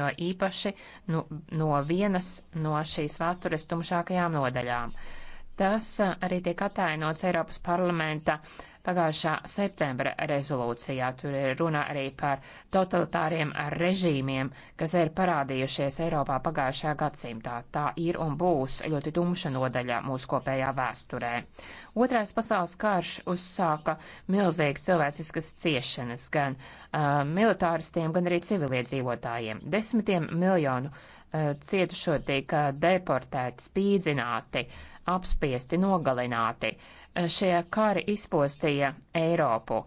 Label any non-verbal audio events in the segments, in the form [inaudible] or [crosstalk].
jāziņo īpaši nu, no vienas no šīs vēstures tumšākajām nodaļām. Tas uh, arī tiek atainots Eiropas parlamenta pagājušā septembra rezolūcijā. Tur ir runa arī par totalitāriem režīmiem, kas ir parādījušies Eiropā pagājušajā gadsimtā. Tā ir un būs ļoti tumša nodaļa mūsu kopējā vēsturē. Otrais pasaules karš uzsāka milzīgas cilvēciskas ciešanas gan uh, militāristiem, gan arī civiliedzīvotājiem. Desmitiem miljonu uh, cietušo tika deportēti, spīdzināti. Uh, apspiesti, nogalināti. Šie kari izpostīja Eiropu,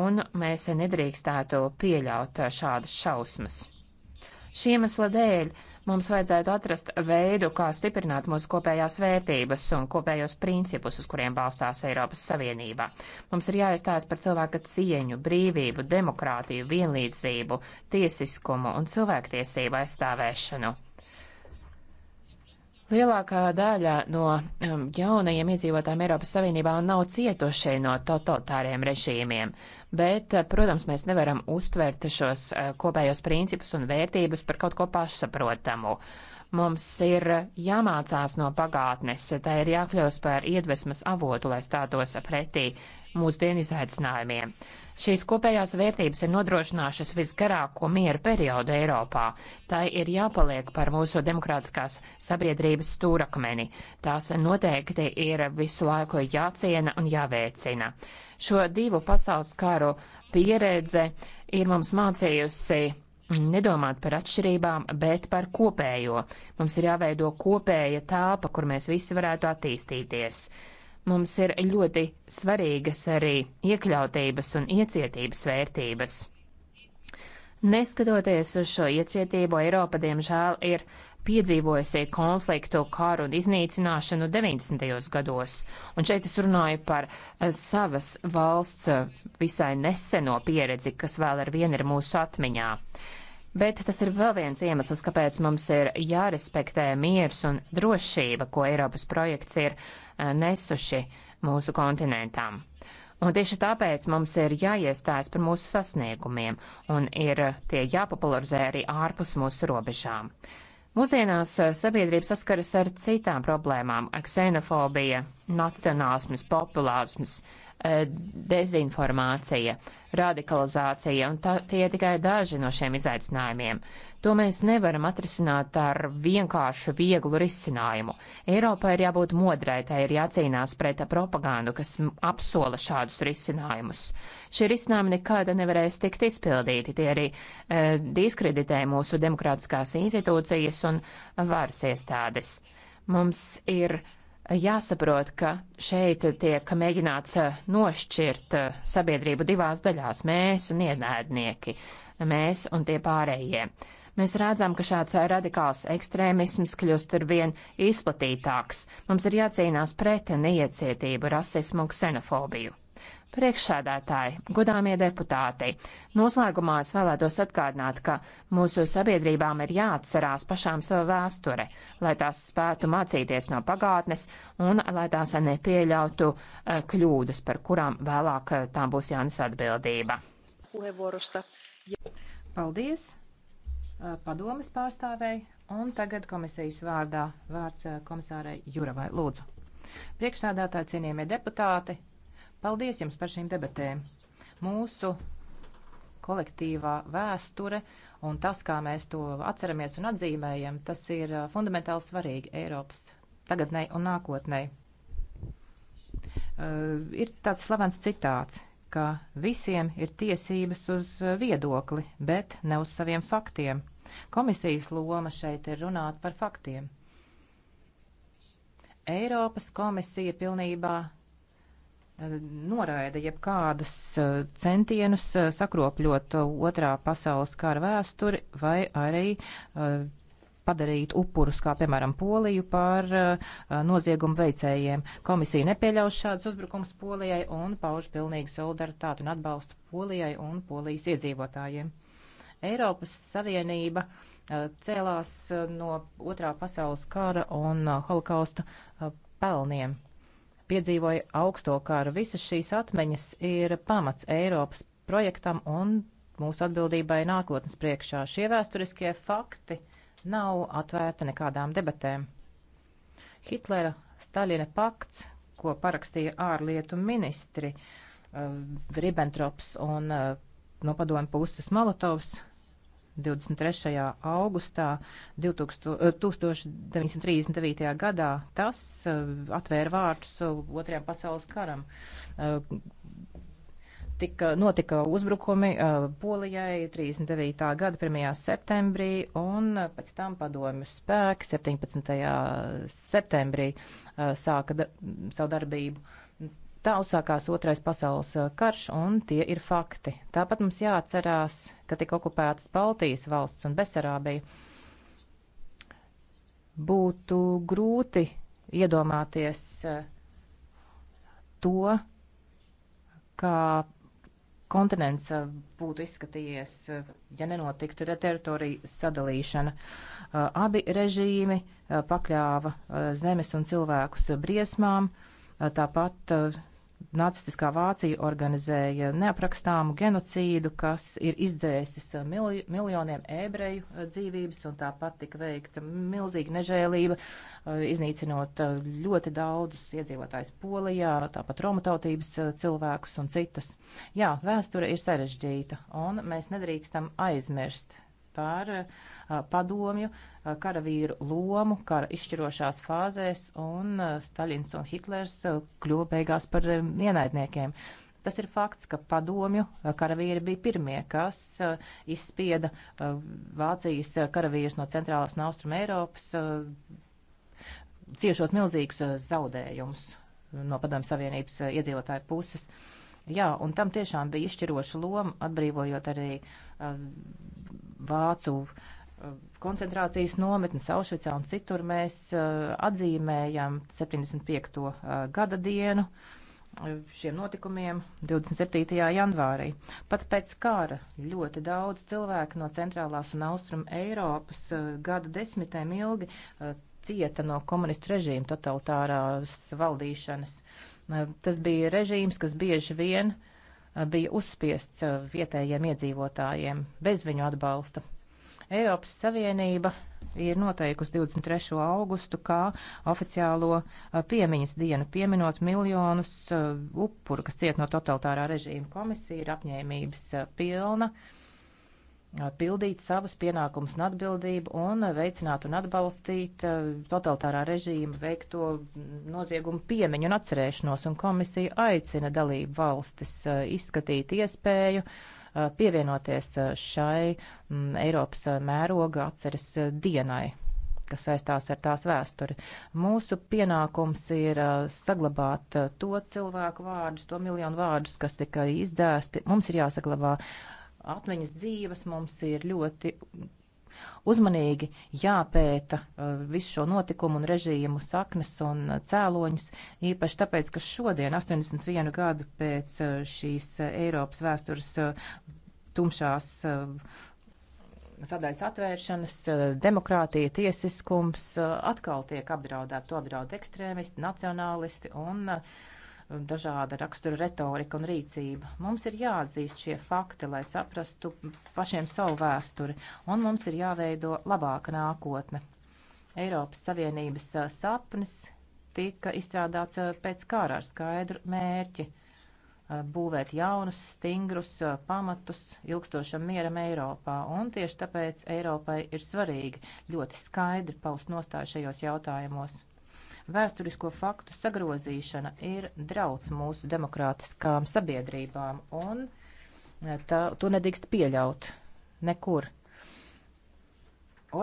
un mēs nedrīkstētu pieļaut šādas šausmas. Šī iemesla dēļ mums vajadzētu atrast veidu, kā stiprināt mūsu kopējās vērtības un kopējos principus, uz kuriem balstās Eiropas Savienība. Mums ir jāiestājas par cilvēka cieņu, brīvību, demokrātiju, vienlīdzību, tiesiskumu un cilvēktiesību aizstāvēšanu. Lielākā daļa no um, jaunajiem iedzīvotājiem Eiropas Savienībā nav cietuši no totalitāriem režīmiem, bet, uh, protams, mēs nevaram uztvert šos uh, kopējos principus un vērtības par kaut ko pašsaprotamu. Uh, Mums ir jāmācās no pagātnes, tā ir jākļūst par iedvesmas avotu, lai stātos pretī mūsdienu izaicinājumiem. Šīs kopējās vērtības ir nodrošinājušas visgarāko miera periodu Eiropā. Tā ir jāpaliek par mūsu demokrātiskās sabiedrības stūrakmeni. Tās noteikti ir visu laiku jāciena un jāveicina. Šo divu pasaules karu pieredze ir mums mācījusi nedomāt par atšķirībām, bet par kopējo. Mums ir jāveido kopēja telpa, kur mēs visi varētu attīstīties. Mums ir ļoti svarīgas arī iekļautības un iecietības vērtības. Neskatoties uz šo iecietību, Eiropa diemžēl ir piedzīvojusi konfliktu, karu un iznīcināšanu 90. gados. Un šeit es runāju par eh, savas valsts eh, visai neseno pieredzi, kas vēl ar vienu ir mūsu atmiņā. Bet tas ir vēl viens iemesls, kāpēc mums ir jārespektē miers un drošība, ko Eiropas projekts ir eh, nesuši mūsu kontinentām. Un tieši tāpēc mums ir jāiestājas par mūsu sasniegumiem un ir tie jāpopularizē arī ārpus mūsu robežām. Mūsdienās eh, sabiedrība saskaras ar citām problēmām - ksenofobija, nacionālisms, populārisms. E, dezinformācija, radikalizācija, un tā, tie ir tikai daži no šiem izaicinājumiem. To mēs nevaram atrisināt ar vienkāršu, vieglu risinājumu. Eiropai ir jābūt modrai, tai ir jācīnās pret propagandu, kas apsola šādus risinājumus. Šie risinājumi nekad nevarēs tikt izpildīti, tie arī e, diskreditē mūsu demokrātiskās institūcijas un varas iestādes. Mums ir jāsaprot, ka šeit tiek mēģināts eh, nošķirt eh, sabiedrību divās daļās - mēs un ienēdnieki, mēs un tie pārējie. Mēs redzam, ka šāds radikāls ekstrēmisms kļūst ar vien izplatītāks. Mums ir jācīnās pret neiecietību, rasismu un ksenofobiju. Priekšsēdētāji, godāmie deputāti, noslēgumā es vēlētos atgādināt, ka mūsu sabiedrībām ir jāatcerās pašām savu vēsture, lai tās spētu mācīties no pagātnes un lai tās nepieļautu eh, kļūdas, par kurām vēlāk eh, tām būs jānes atbildība. Paldies eh, padomas pārstāvēji un tagad komisijas vārdā vārds komisārai Juravai Lūdzu. Priekšsādātāji cienījamie deputāti, Paldies jums par šīm debatēm. Mūsu kolektīvā vēsture un tas, kā mēs to atceramies un atzīmējam, tas ir uh, fundamentāli svarīgi Eiropas tagadnē un nākotnē. Uh, ir tāds slavens citāts, ka visiem ir tiesības uz uh, viedokli, bet ne uz saviem faktiem. Komisijas loma šeit ir runāt par faktiem. Eiropas komisija pilnībā Eh, noraida jebkādas eh, centienus eh, sakropļot otrā pasaules kara vēsturi vai arī padarīt upurus, kā piemēram Poliju, par noziegumu veicējiem. Komisija nepieļaus šādus uzbrukums Polijai un pauž pilnīgu solidaritāti un atbalstu Polijai un Polijas iedzīvotājiem. Eiropas Savienība cēlās no otrā pasaules kara un holokausta pelniem piedzīvoja augsto karu. Visas šīs atmiņas ir pamats Eiropas projektam un mūsu atbildībai nākotnes priekšā. Šie vēsturiskie fakti nav atvērti nekādām debatēm. Hitlera Staļina pakts, ko parakstīja ārlietu ministri uh, Ribbentrops un uh, no padomu puses Molotovs, 23. augustā 2000, 1939. Eh, gadā. Tas eh, atvēra vārtus eh, Otrajam pasaules karam. Tika, notika uzbrukumi Polijai 39. gada 1. septembrī un pēc tam padomju spēki 17. septembrī sāka da, savu darbību Tā uzsākās otrais pasaules karš, un tie ir fakti. Tāpat mums jāatcerās, ka tika okupētas Baltijas valsts un Besarābija. Būtu grūti iedomāties to, kā kontinents būtu izskatījies, ja nenotiktu teritoriju sadalīšana. Abi režīmi pakļāva zemes un cilvēkus briesmām, tāpat nacistiskā Vācija organizēja neaprakstāmu genocīdu, kas ir izdzēsis uh, miljoniem ebreju uh, dzīvības, un tāpat tika veikta milzīga nežēlība, uh, iznīcinot ļoti daudzus iedzīvotājus Polijā, tāpat Romu tautības cilvēkus un citus. Jā, vēsture ir sarežģīta, un mēs nedrīkstam aizmirst par eh, padomju eh, karavīru lomu kara izšķirošās fāzēs, un eh, Staļins un Hitlers kļuva beigās par ienaidniekiem. Tas ir fakts, ka padomju karavīri bija pirmie, kas izspieda Vācijas karavīrus no centrālās un austrum Eiropas, ciešot milzīgus zaudējumus no padomju savienības iedzīvotāju puses. Jā, un tam tiešām bija izšķiroša loma, atbrīvojot arī uh, vācu uh, koncentrācijas nometnes Aušvicā un citur mēs uh, atzīmējam 75. Uh, gada dienu šiem notikumiem 27. janvārī. Pat pēc kara ļoti daudz cilvēku no centrālās un austrum Eiropas gadu desmitēm ilgi cieta no komunistu režīma totalitārās valdīšanas. Tas bija režīms, kas bieži vien uh, bija uzspiests uh, vietējiem iedzīvotājiem bez viņu atbalsta. Eiropas Savienība ir noteikusi 23. augustu kā oficiālo uh, piemiņas dienu, pieminot miljonus uh, upuru, kas ciet no totalitārā režīma. Komisija ir apņēmības pilna. Uh, Eh, pildīt savus pienākumus un atbildību un veicināt un atbalstīt eh, totalitārā režīma veikto noziegumu piemiņu un atcerēšanos, un komisija aicina dalību valstis eh, izskatīt iespēju pievienoties šai mm, Eiropas mēroga atceres dienai kas saistās ar tās vēsturi. Mūsu pienākums ir saglabāt to cilvēku vārdus, to miljonu vārdus, kas tika izdēsti. Mums ir jāsaglabā uh, atmiņas dzīves, mums ir ļoti uzmanīgi jāpēta uh, visu šo notikumu un režīmu saknes un uh, cēloņus, īpaši tāpēc, ka šodien, 81 gadu pēc uh, šīs Eiropas vēstures tumšās sadaļas atvēršanas, demokrātija, tiesiskums atkal tiek apdraudēta. To apdraud ekstrēmisti, nacionālisti un uh, Um, dažāda rakstura retorika un rīcība. Mums ir jāatzīst šie fakti, lai saprastu pašiem savu vēsturi, un mums ir jāveido labāka nākotne. Eiropas Savienības uh, sapnis tika izstrādāts uh, pēc kara ar skaidru mērķi uh, būvēt jaunus, stingrus pamatus ilgstošam mieram Eiropā. Un tieši tāpēc Eiropai ir svarīgi ļoti skaidri paust nostāju šajos jautājumos. Vēsturisko faktu sagrozīšana ir drauds mūsu demokrātiskām sabiedrībām, un e, tā, to nedrīkst pieļaut nekur.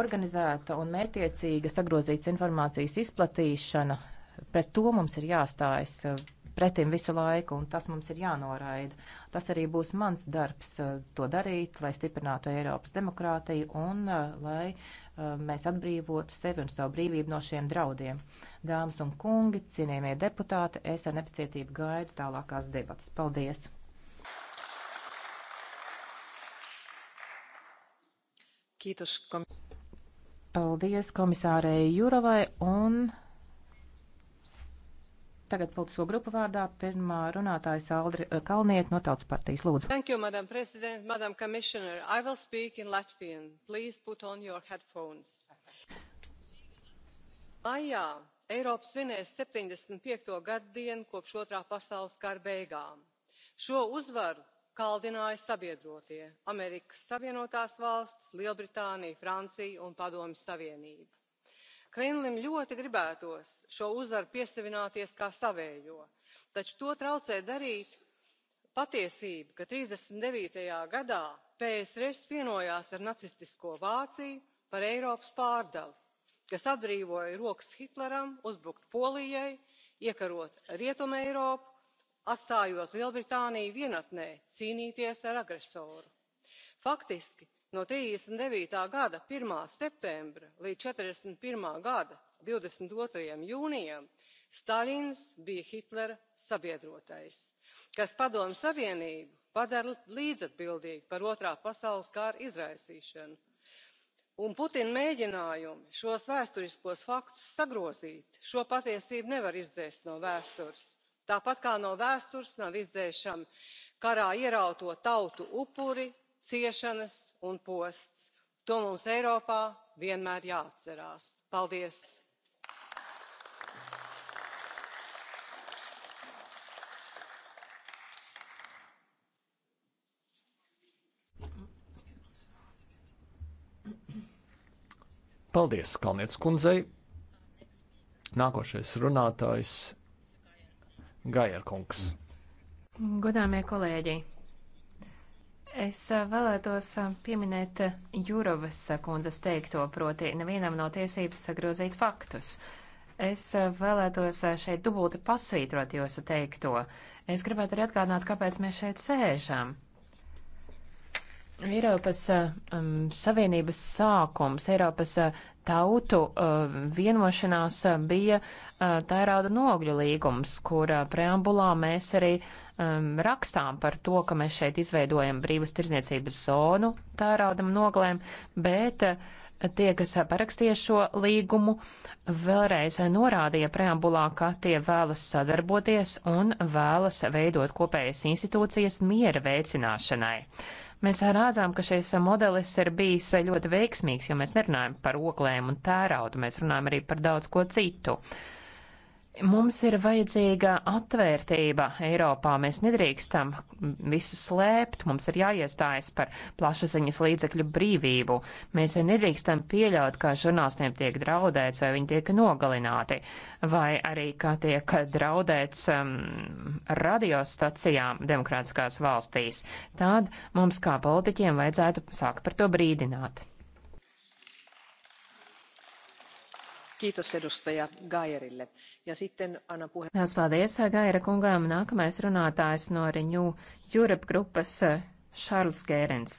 Organizēta un mētiecīga sagrozītas informācijas izplatīšana, pret to mums ir jāstājas e, pretim visu laiku, un tas mums ir jānoraida. Tas arī būs mans darbs eh, to darīt, lai stiprinātu Eiropas demokrātiju un eh, lai eh, mēs atbrīvotu sevi un savu brīvību no šiem draudiem. Dāmas un kungi, cienījamie deputāti, es ar nepacietību gaidu tālākās debatas. Paldies! Paldies komisārei Juravai un. Tagad politisko grupu vārdā pirmā runātājas Aldri eh, Kalniet no Tautas partijas. Lūdzu. Thank you, Madam President, Madam Commissioner. I will speak in Latvian. Please put on your headphones. Maijā Eiropa svinēs 75. gaddienu kopš otrā pasaules kara beigām. Šo uzvaru kaldināja sabiedrotie amerikas savienotās valstis lielbritānija francija un padomju savienība kremlim ļoti gribētos šo uzvaru piesavināties kā savējo taču to traucē darīt patiesība ka trīsdesmit devītajā gadā psrs vienojās ar nacistisko vāciju par eiropas pārdali kas atbrīvoja rokas hitleram uzbrukt polijai iekarot rietumeiropu atstājot lielbritāniju vienatnē cīnīties ar agresoru. faktiski no trīsdesmit devītā gada pirmā septembra līdz četrdesmit pirmā gada divdesmit otrajam jūnijam staļins bija hitlera sabiedrotais kas padomju savienību padara līdzatbildīgu par otrā pasaules kara izraisīšanu un putina mēģinājumi šos vēsturiskos faktus sagrozīt šo patiesību nevar izdzēst no vēstures tāpat kā no vēstures nav izdzēšami karā ierauto tautu upuri ciešanas un posts. To mums Eiropā vienmēr jāatcerās. Paldies! Paldies, Kalnietes kundzei. Nākošais runātājs Gajerkungs. Godāmie kolēģi! Es vēlētos pieminēt Jurovas kundzes teikto, proti nevienam nav no tiesības sagrozīt faktus. Es vēlētos šeit dubulti pasvītrot jūsu teikto. Es gribētu arī atgādināt, kāpēc mēs šeit sēžam. Eiropas um, Savienības sākums, Eiropas uh, tautu uh, vienošanās uh, bija uh, tērauda nogļu līgums, kur uh, preambulā mēs arī uh, um, rakstām par to, ka mēs šeit izveidojam brīvas tirzniecības zonu tērādam noglēm, bet uh, tie, kas parakstīja šo līgumu, vēlreiz norādīja preambulā, ka tie vēlas sadarboties un vēlas veidot kopējas institūcijas miera veicināšanai. Mēs rādzām, ka šis modelis ir bijis ļoti veiksmīgs, jo mēs nerunājam par oglēm un tēraudu, mēs runājam arī par daudz ko citu. Uh, Mums ir vajadzīga atvērtība Eiropā. Mēs nedrīkstam visu slēpt, mums ir jāiestājas par plašsaziņas līdzekļu brīvību. Mēs nedrīkstam pieļaut, ka žurnālistiem tiek draudēts vai viņi tiek nogalināti, vai arī, ka tiek draudēts um, radiostacijām demokrātiskās valstīs. Tad mums kā politiķiem vajadzētu sākt par to brīdināt. Kiitos edustaja Gairille. Ja sitten annan puhe... Tās paldies Gaira kungām. Nākamais runātājs no Renew Europe grupas Šarls Gērens.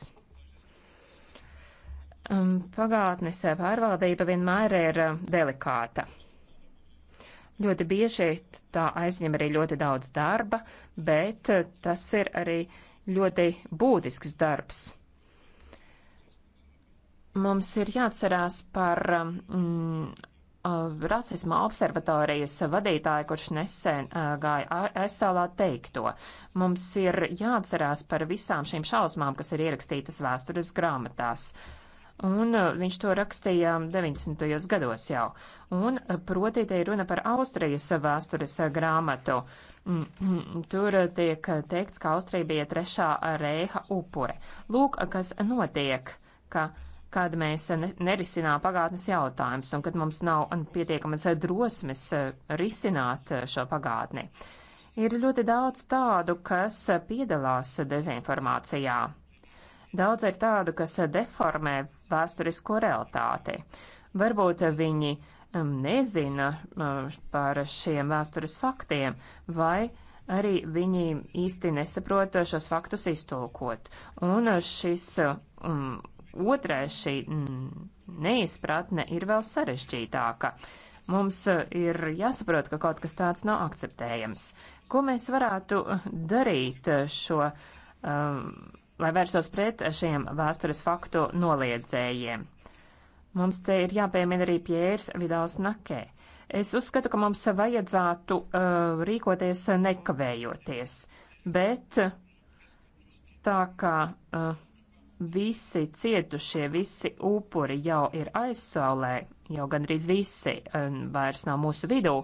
Um, pagātnes pārvaldība vienmēr ir delikāta. Ļoti bieži tā aizņem arī ļoti daudz darba, bet tas ir arī ļoti būtisks darbs. Mums ir jāatcerās par mm, Uh, rasisma observatorijas vadītāja, kurš nesen uh, gāja aizsālā teikto. Mums ir jāatcerās par visām šīm šausmām, kas ir ierakstītas vēstures grāmatās. Un uh, viņš to rakstīja 90. gados jau. Un, proti, te ir runa par Austrijas vēstures grāmatu. Mm, [clears throat] tur tiek teikts, ka Austrija bija trešā reiha upure. Lūk, kas notiek, ka kad mēs nerisinām pagātnes jautājumus un kad mums nav pietiekamas drosmes eh, risināt eh, šo pagātni. Ir ļoti daudz tādu, kas piedalās dezinformācijā. Daudz ir tādu, kas deformē vēsturisko realitāti. Varbūt viņi mm, nezina mm, par šiem vēstures faktiem vai arī viņi īsti nesaprot šos faktus iztulkot. Un šis um, Otrais šī neizpratne ir vēl sarežģītāka. Mums e, ir jāsaprot, ka kaut kas tāds nav akceptējams. Ko mēs varētu e, darīt e, šo, um, lai vērsos pret šiem vēstures faktu noliedzējiem? Mums te ir jāpiemina arī Pjērs Vidāls Nakē. Es uzskatu, ka mums vajadzētu uh, rīkoties nekavējoties, bet tā kā uh, visi cietušie, visi upuri jau ir aizsaulē, jau gandrīz visi vairs nav mūsu vidū,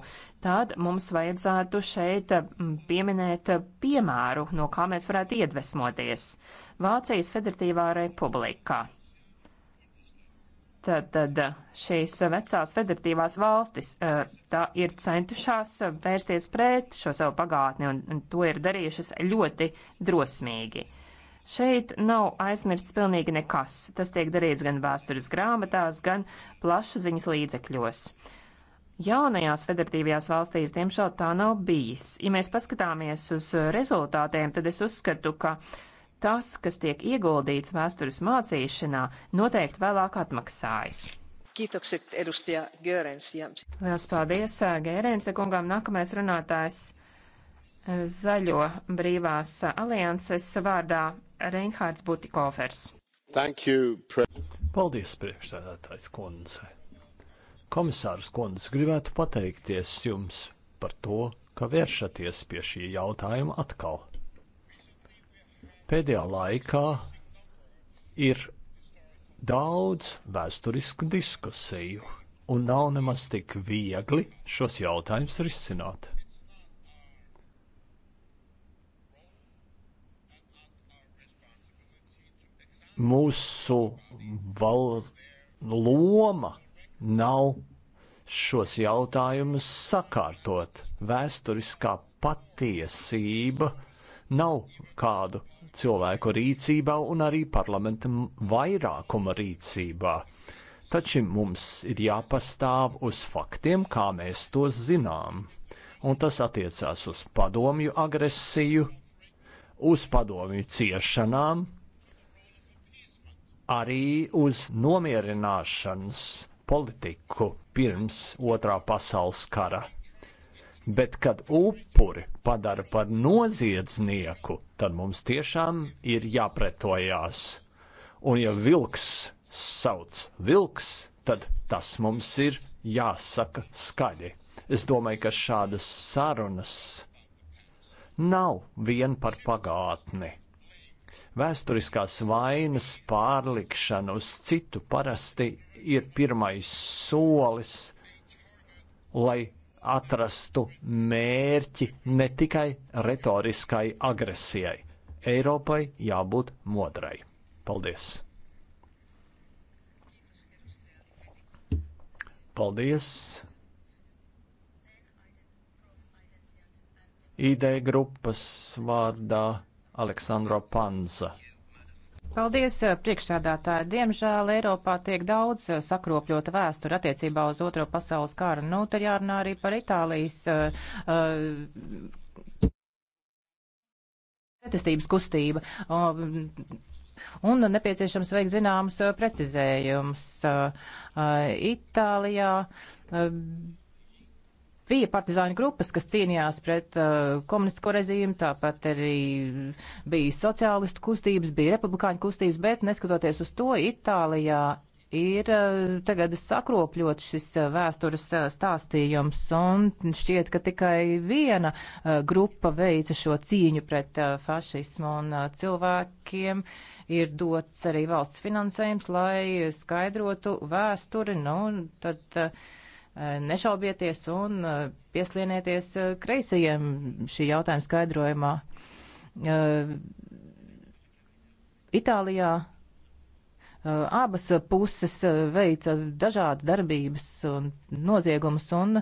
tad mums vajadzētu šeit mm, pieminēt piemēru, no kā mēs varētu iedvesmoties. Vācijas Federatīvā republikā. Tad, tad šīs vecās federatīvās valstis e, tā ir centušās vērsties pret šo savu pagātni, un, un to ir darījušas ļoti drosmīgi. Uh, Šeit nav aizmirsts pilnīgi nekas. Tas tiek darīts gan vēstures grāmatās, gan plašsaziņas līdzekļos. Jaunajās federatīvajās valstīs, diemžēl, tā nav bijis. Ja mēs paskatāmies uz rezultātiem, tad es uzskatu, ka tas, kas tiek ieguldīts vēstures mācīšanā, noteikti vēlāk atmaksājas. Kiitokset edustaja Görens. Lielas paldies Gērense kungam. Nākamais runātājs zaļo brīvās alianses vārdā Reinhārds Butikofers. Paldies, priekšsēdētājs kundze. Komisārs kundze, gribētu pateikties jums par to, ka vēršaties pie šī jautājuma atkal. Pēdējā laikā ir daudz vēsturisku diskusiju, un nav nemaz tik viegli šos jautājumus risināt. mūsu val... loma nav šos jautājumus sakārtot. Vēsturiskā patiesība nav kādu cilvēku rīcībā un arī parlamenta vairākuma rīcībā. Taču mums ir jāpastāv uz faktiem, kā mēs tos zinām. Un tas attiecās uz padomju agresiju, uz padomju ciešanām, arī uz nomierināšanas politiku pirms otrā pasaules kara. Bet, kad upuri padara par noziedznieku, tad mums tiešām ir jāpretojās. Un, ja vilks sauc vilks, tad tas mums ir jāsaka skaļi. Es domāju, ka šādas sarunas nav vien par pagātni Vēsturiskās vainas pārlikšana uz citu parasti ir pirmais solis, lai atrastu mērķi ne tikai retoriskai agresijai. Eiropai jābūt modrai. Paldies! Paldies! ID grupas vārdā Aleksandro Panza. Paldies, eh, priekšsēdētāji. Diemžēl Eiropā tiek daudz eh, sakropļota vēsture attiecībā uz Otro pasaules kāru. Nu, tad jārunā arī par Itālijas. Uh, Pretestības uh, kustība. Uh, un nepieciešams veikt zināmus precizējumus. Itālijā bija partizāņu grupas, kas cīnījās pret uh, komunistisko režīmu, tāpat arī bija sociālistu kustības, bija republikāņu kustības, bet neskatoties uz to, Itālijā ir uh, tagad sakropļots šis uh, vēstures uh, stāstījums, un šķiet, ka tikai viena uh, grupa veica šo cīņu pret uh, fašismu, un uh, cilvēkiem ir dots arī valsts finansējums, lai skaidrotu vēsturi, nu, tad. Uh, Eh, nešaubieties un eh, pieslienieties eh, kreisajiem šī jautājuma skaidrojumā. Itālijā abas puses veica dažādas darbības un noziegumus, un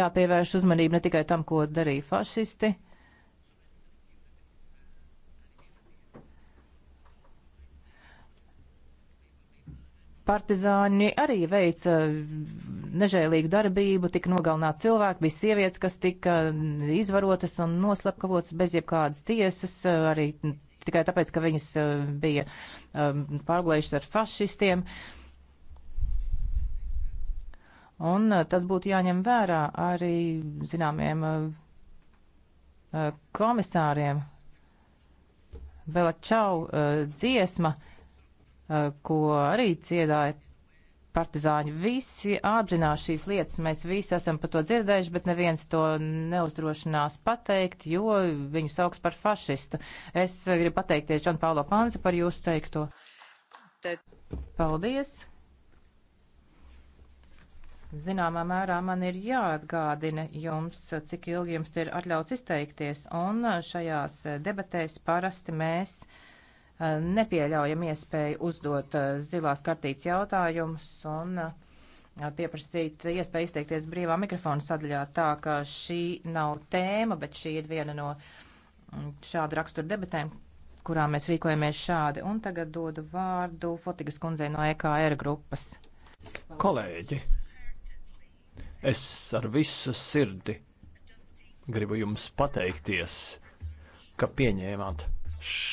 jāpievērš uzmanība ne tikai tam, ko darīja fašisti, partizāņi arī veica nežēlīgu darbību, tika nogalināti cilvēki, bija sievietes, kas tika izvarotas un noslepkavotas bez jebkādas tiesas, arī tikai tāpēc, ka viņas eh, bija ehm, pārglējušas ar fašistiem. Un eh, tas būtu jāņem vērā arī zināmiem eh, komisāriem. Bela Čau dziesma Eh, ko arī ciedāja partizāņi. Visi apzinās šīs lietas, mēs visi esam par to dzirdējuši, bet neviens to neuzdrošinās pateikt, jo viņu sauc par fašistu. Es gribu pateikties Čan Paulo Panzi par jūsu teikto. Tad. Paldies! Zināmā mērā man ir jāatgādina jums, cik ilgi jums ir atļauts izteikties, un šajās debatēs parasti mēs uh, Eh, nepieļaujam iespēju uzdot eh, zilās kartītes jautājumus un eh, pieprasīt iespēju izteikties brīvā mikrofona sadaļā, tā ka šī nav tēma, bet šī ir viena no mm, šāda rakstura debatēm, kurā mēs rīkojamies šādi. Un tagad dodu vārdu Fotigas kundzei no EKR grupas. Kolēģi, es ar visu sirdi gribu jums pateikties, ka pieņēmāt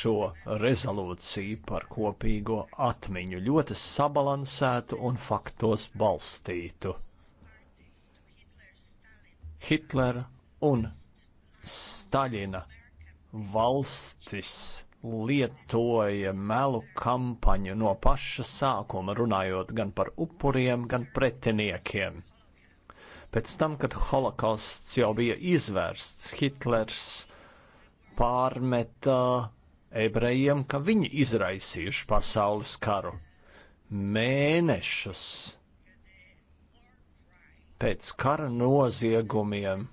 šo rezolūciju par kopīgo atmiņu ļoti sabalansētu un faktos balstītu. Hitlera un Staļina valstis lietoja melu kampaņu no paša sākuma, runājot gan par upuriem, gan pretiniekiem. Pēc tam, kad holokausts jau bija izvērsts, Hitlers pārmeta ebrejiem, ka viņi izraisījuši pasaules karu. Mēnešus pēc kara noziegumiem,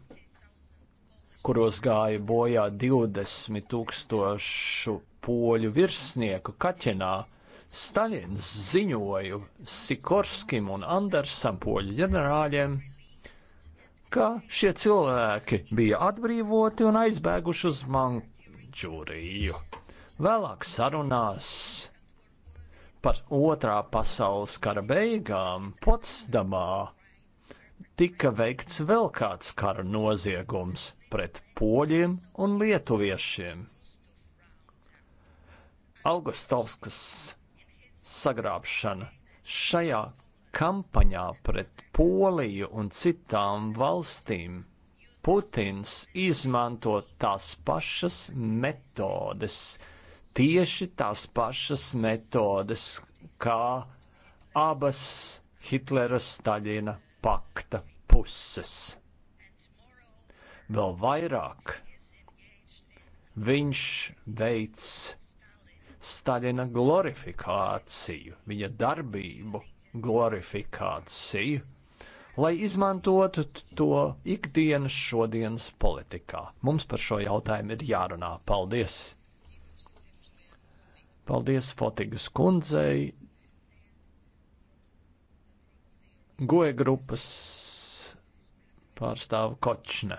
kuros gāja bojā 20 tūkstošu poļu virsnieku kaķenā, Staļins ziņoja Sikorskim un Andersam poļu ģenerāļiem, ka šie cilvēki bija atbrīvoti un aizbēguši uz Mančūriju. Vēlāk sarunās par otrā pasaules kara beigām Potsdamā tika veikts vēl kāds kara noziegums pret poļiem un lietuviešiem. Augustovskas sagrābšana šajā kampaņā pret Poliju un citām valstīm Putins izmanto tās pašas metodes, tieši tās pašas metodes kā abas Hitlera Staļina pakta puses. Vēl vairāk viņš veic Staļina glorifikāciju, viņa darbību glorifikāciju, lai izmantotu to ikdienas šodienas politikā. Mums par šo jautājumu ir jārunā. Paldies! Paldies Fotigas kundzei. Goja grupas pārstāvu Kočne.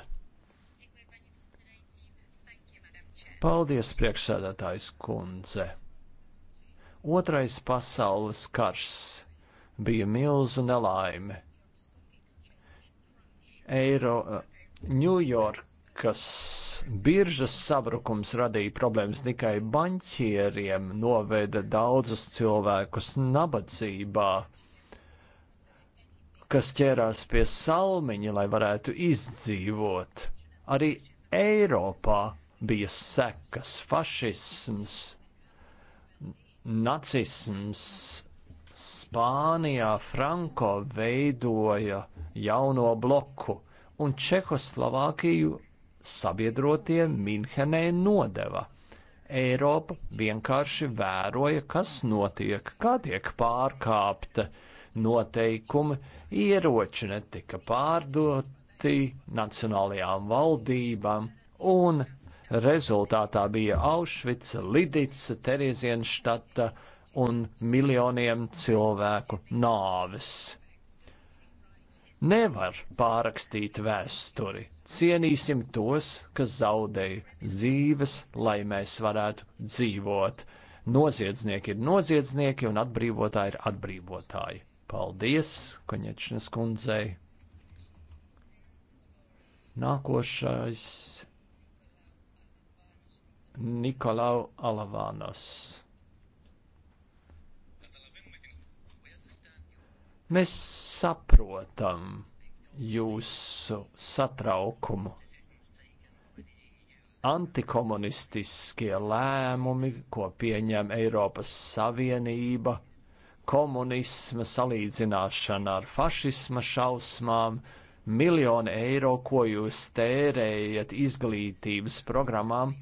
Paldies, priekšsēdētājs kundze. Otrais pasaules karš bija milzu nelaime. Eiro, Ņujorkas eh, biržas sabrukums radīja problēmas tikai banķieriem, noveda daudzus cilvēkus nabadzībā, kas ķērās pie salmiņa, lai varētu izdzīvot. Arī Eiropā bija sekas, fašisms, nacisms. Spānijā Franko veidoja jauno bloku, un Čehoslovākiju sabiedrotie Minhenē nodeva. Eiropa vienkārši vēroja, kas notiek, kā tiek pārkāpta noteikumi, ieroči netika pārdoti nacionālajām valdībām, un rezultātā bija Aušvica, Lidica, Terēzienštata un miljoniem cilvēku nāves nevar pārrakstīt vēsturi. Cienīsim tos, kas zaudēja dzīves, lai mēs varētu dzīvot. Noziedznieki ir noziedznieki un atbrīvotāji ir atbrīvotāji. Paldies, Koņečnes kundzei! Nākošais Nikolau Alavānos. Mēs saprotam jūsu satraukumu. Antikomunistiskie lēmumi, ko pieņem Eiropas Savienība, komunisma salīdzināšana ar fašisma šausmām, miljoni eiro, ko jūs tērējat izglītības programmām,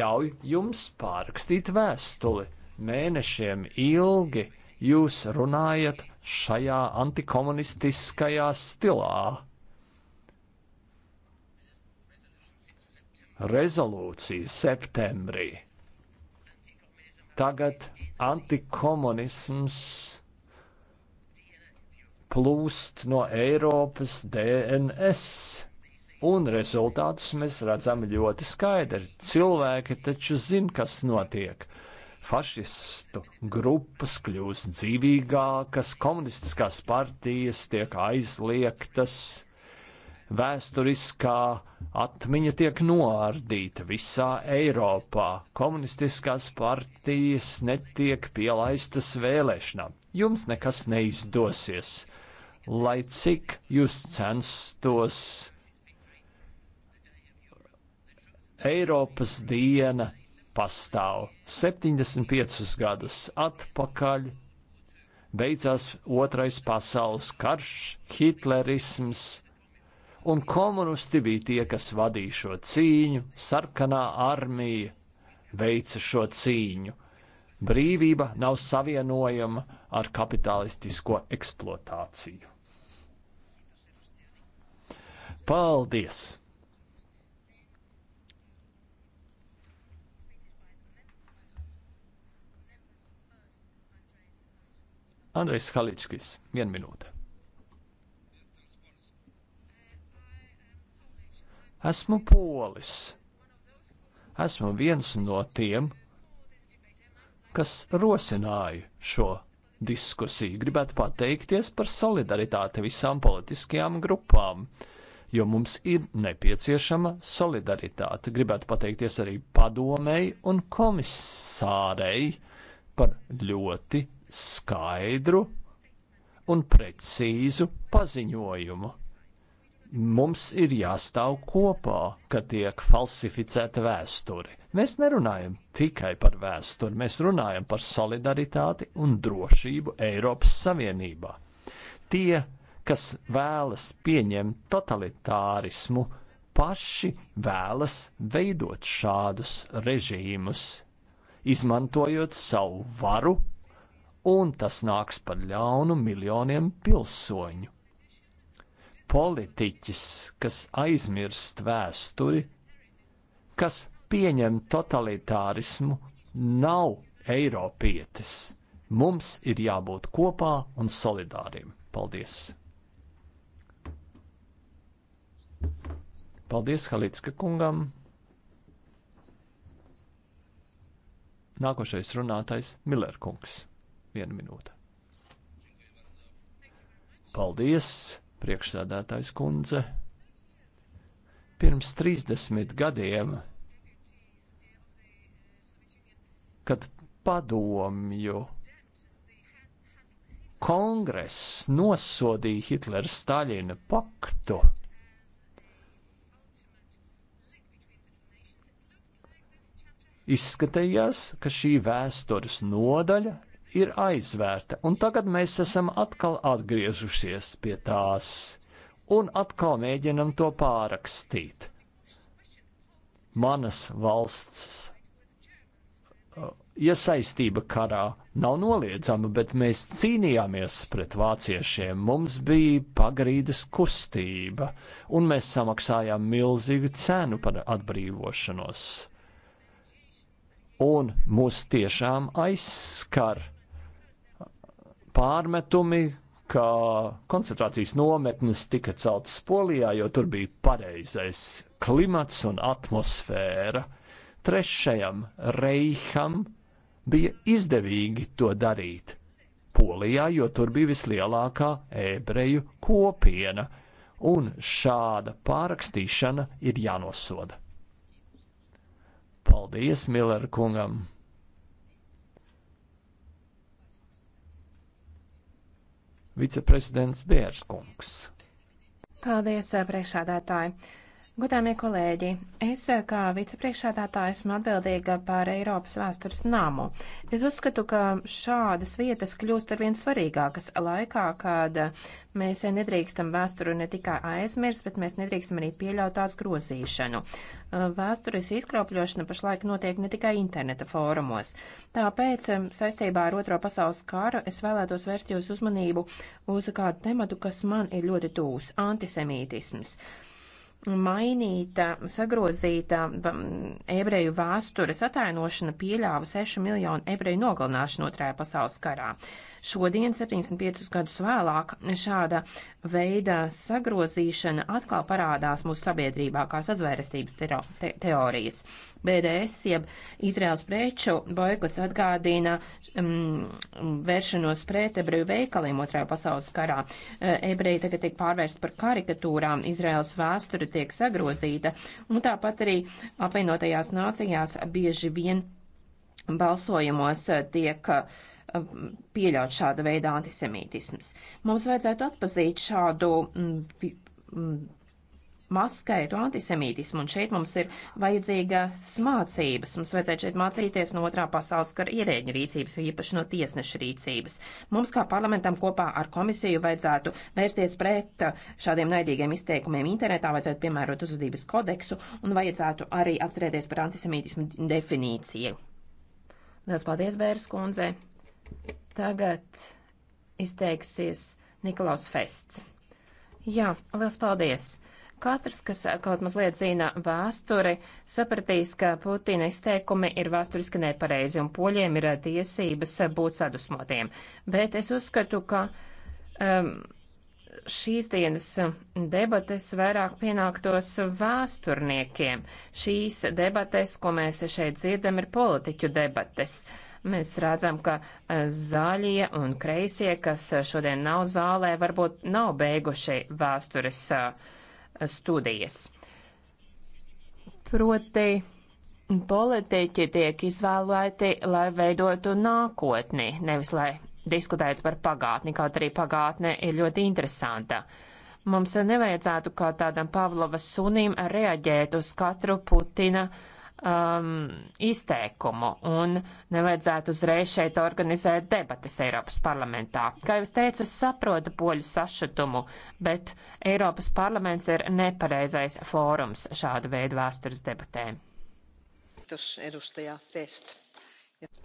ļauj jums pārrakstīt vēstuli mēnešiem ilgi jūs runājat šajā antikomunistiskajā stilā. Rezolūcija septembrī. Tagad antikomunisms plūst no Eiropas DNS. Un rezultātus mēs redzam ļoti skaidri. Cilvēki taču zina, kas notiek fašistu grupas kļūst dzīvīgākas, komunistiskās partijas tiek aizliegtas, vēsturiskā atmiņa tiek noārdīta visā Eiropā, komunistiskās partijas netiek pielaistas vēlēšanām. Jums nekas neizdosies, lai cik jūs censtos. Eiropas diena pastāv 75 gadus atpakaļ. Beidzās otrais pasaules karš, hitlerisms, un komunisti bija tie, kas vadīja šo cīņu, sarkanā armija veica šo cīņu. Brīvība nav savienojama ar kapitalistisko eksploatāciju. Paldies! Andrejs Haličkis, viena minūte. Esmu polis. Esmu viens no tiem, kas rosināja šo diskusiju. Gribētu pateikties par solidaritāti visām politiskajām grupām, jo mums ir nepieciešama solidaritāte. Gribētu pateikties arī padomēji un komisārei par ļoti skaidru un precīzu paziņojumu. Mums ir jāstāv kopā, kad tiek falsificēta vēsture. Mēs nerunājam tikai par vēsturi, mēs runājam par solidaritāti un drošību Eiropas Savienībā. Tie, kas vēlas pieņemt totalitārismu, paši vēlas veidot šādus režīmus, izmantojot savu varu un tas nāks par ļaunu miljoniem pilsoņu. Politiķis, kas aizmirst vēsturi, kas pieņem totalitārismu, nav Eiropietis. Mums ir jābūt kopā un solidāriem. Paldies! Paldies Halicka kungam! Nākošais runātais Miller kungs. Viena minūte. Paldies, priekšsēdētājs kundze. Pirms 30 gadiem, kad padomju kongress nosodīja Hitlera Staļina paktu, izskatījās, ka šī vēstures nodaļa ir aizvērta, un tagad mēs esam atkal atgriežušies pie tās un atkal mēģinam to pārakstīt. Manas valsts uh, iesaistība ja karā nav noliedzama, bet mēs cīnījāmies pret vāciešiem. Mums bija pagrīdes kustība, un mēs samaksājām milzīgu cenu par atbrīvošanos. Un mūs tiešām aizskar pārmetumi, ka koncentrācijas nometnes tika celtas Polijā, jo tur bija pareizais klimats un atmosfēra. Trešajam reiham bija izdevīgi to darīt Polijā, jo tur bija vislielākā ebreju kopiena, un šāda pārakstīšana ir jānosoda. Paldies Miller kungam! viceprezidents Bierskungs. Paldies, priekšādātāji! Godāmie kolēģi, es eh, kā vicepriekšādātāja esmu atbildīga par Eiropas vēstures namu. Es uzskatu, ka šādas vietas kļūst arvien svarīgākas laikā, kad eh, mēs nedrīkstam vēsturu ne tikai aizmirst, bet mēs nedrīkstam arī pieļaut tās grozīšanu. Eh, vēstures izkropļošana pašlaik notiek ne tikai interneta fórumos. Tāpēc saistībā ar Otro pasaules karu es vēlētos vērst jūs uzmanību uz kādu tematu, kas man ir ļoti tūs - antisemītisms mainīta, sagrozīta um, ebreju vēstures atainošana pieļāva 6 miljonu ebreju nogalināšanu otrajā pasaules karā. Šodien, 75 gadus vēlāk, šāda veida sagrozīšana atkal parādās mūsu sabiedrībā kā sazvērestības te teorijas. BDS, jeb Izraels preču boikots atgādina um, vēršanos pret ebreju veikaliem otrajā pasaules karā. Uh, ebreji tagad tiek pārvērst par karikatūrām Izraels vēstures savienība tiek sagrozīta, un tāpat arī apvienotajās nācijās bieži vien balsojumos tiek um, pieļaut šāda veida antisemītisms. Mums vajadzētu atpazīt šādu mm, mm, maskētu antisemītismu, un šeit mums ir vajadzīgas mācības. Mums vajadzētu šeit mācīties no otrā pasaules kara ierēģņa rīcības, jo īpaši no tiesneša rīcības. Mums kā parlamentam kopā ar komisiju vajadzētu vērsties pret uh, šādiem naidīgiem izteikumiem internetā, vajadzētu piemērot uzvedības kodeksu, un vajadzētu arī atcerēties par antisemītismu definīciju. Lielas paldies, Bērs kundze. Tagad izteiksies Nikolaus Fests. Jā, liels paldies! Katrs, kas kaut mazliet zina vēsturi, sapratīs, ka Putina izteikumi ir vēsturiski nepareizi un poļiem ir eh, tiesības eh, būt sadusmotiem. Bet es uzskatu, ka um, šīs dienas eh, debates vairāk pienāktos vēsturniekiem. Šīs debates, ko mēs šeit dzirdam, ir politiķu debates. Mēs redzam, ka zaļie un kreisie, kas šodien nav zālē, varbūt nav beiguši vēstures uh, studijas. Proti, politiķi tiek izvēlēti, lai veidotu nākotni, nevis lai diskutētu par pagātni, kaut arī pagātne ir ļoti interesanta. Mums nevajadzētu kā tādam Pavlovas sunim reaģēt uz katru Putina uh, um, izteikumu un nevajadzētu uzreiz šeit organizēt debates Eiropas parlamentā. Kā jau es teicu, es saprotu poļu sašutumu, bet Eiropas parlaments ir nepareizais fórums šādu veidu vēstures debatēm.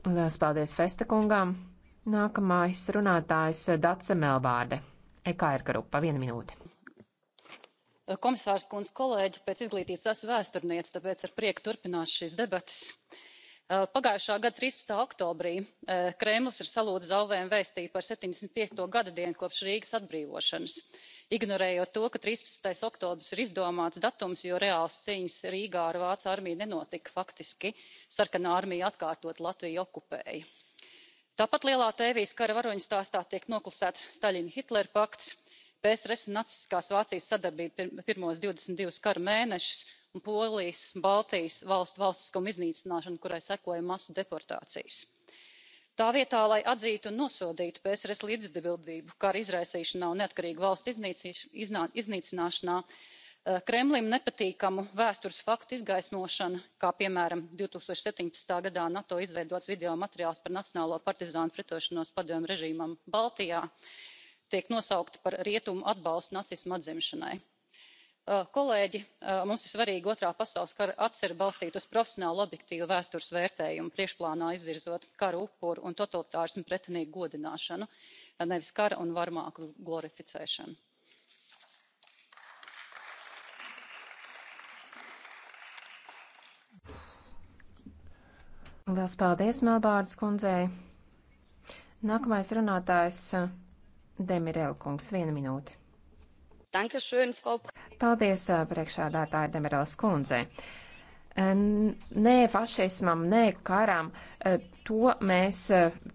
Lielas paldies Festa kungām! Nākamais runātājs Dace Melbārde, EKR grupa, viena minūte. Eh, komisārs kundze kolēģi! pēc izglītības esmu vēsturniece tāpēc ar prieku turpināšu šīs debates. Eh, pagājušā gada trīspadsmitā oktobrī eh, kremlis ir salūzis zalvēm vēstīju par septiņdesmit piekto gadadienu kopš rīgas atbrīvošanas ignorējot to ka trīspadsmitais oktobris ir izdomāts datums jo reālas cīņas rīgā ar vācu armiju nenotika faktiski sarkanā armija atkārtoti latviju okupēja. tāpat lielā tēvijas kara varoņstāstā tiek noklusēts staļina hitlera pakts psrs un nacistiskās vācijas sadarbība pirmos divdesmit divus kara mēnešus un polijas baltijas valstu valstiskuma iznīcināšana kurai sekoja masu deportācijas. tā vietā lai atzītu un nosodītu psrs līdzatbildību kara izraisīšanā un neatkarīgu valstu iznīcināšanā eh, kremlim nepatīkamu vēstures faktu izgaismošana kā piemēram two thousand and seventeen gadā nato izveidots videomateriāls par nacionālo partizānu pretošanos padomju režīmam baltijā tiek nosaukti par rietumu atbalstu nacisma atzimšanai. kolēģi mums ir svarīgi otrā pasaules kara atcere balstīt uz profesionālu objektīvu vēstures vērtējumu priekšplānā izvirzot kara upuru un totalitārisma pretinieku godināšanu nevis kara un varmāku glorificēšanu. Lielas paldies Melbārdas kundzei. Nākamais runātājs Demirel kungs, viena minūte. Dankeschön, Frau. Paldies, priekšādātāja Demirels kundze. Nē fašismam, nē karam, to mēs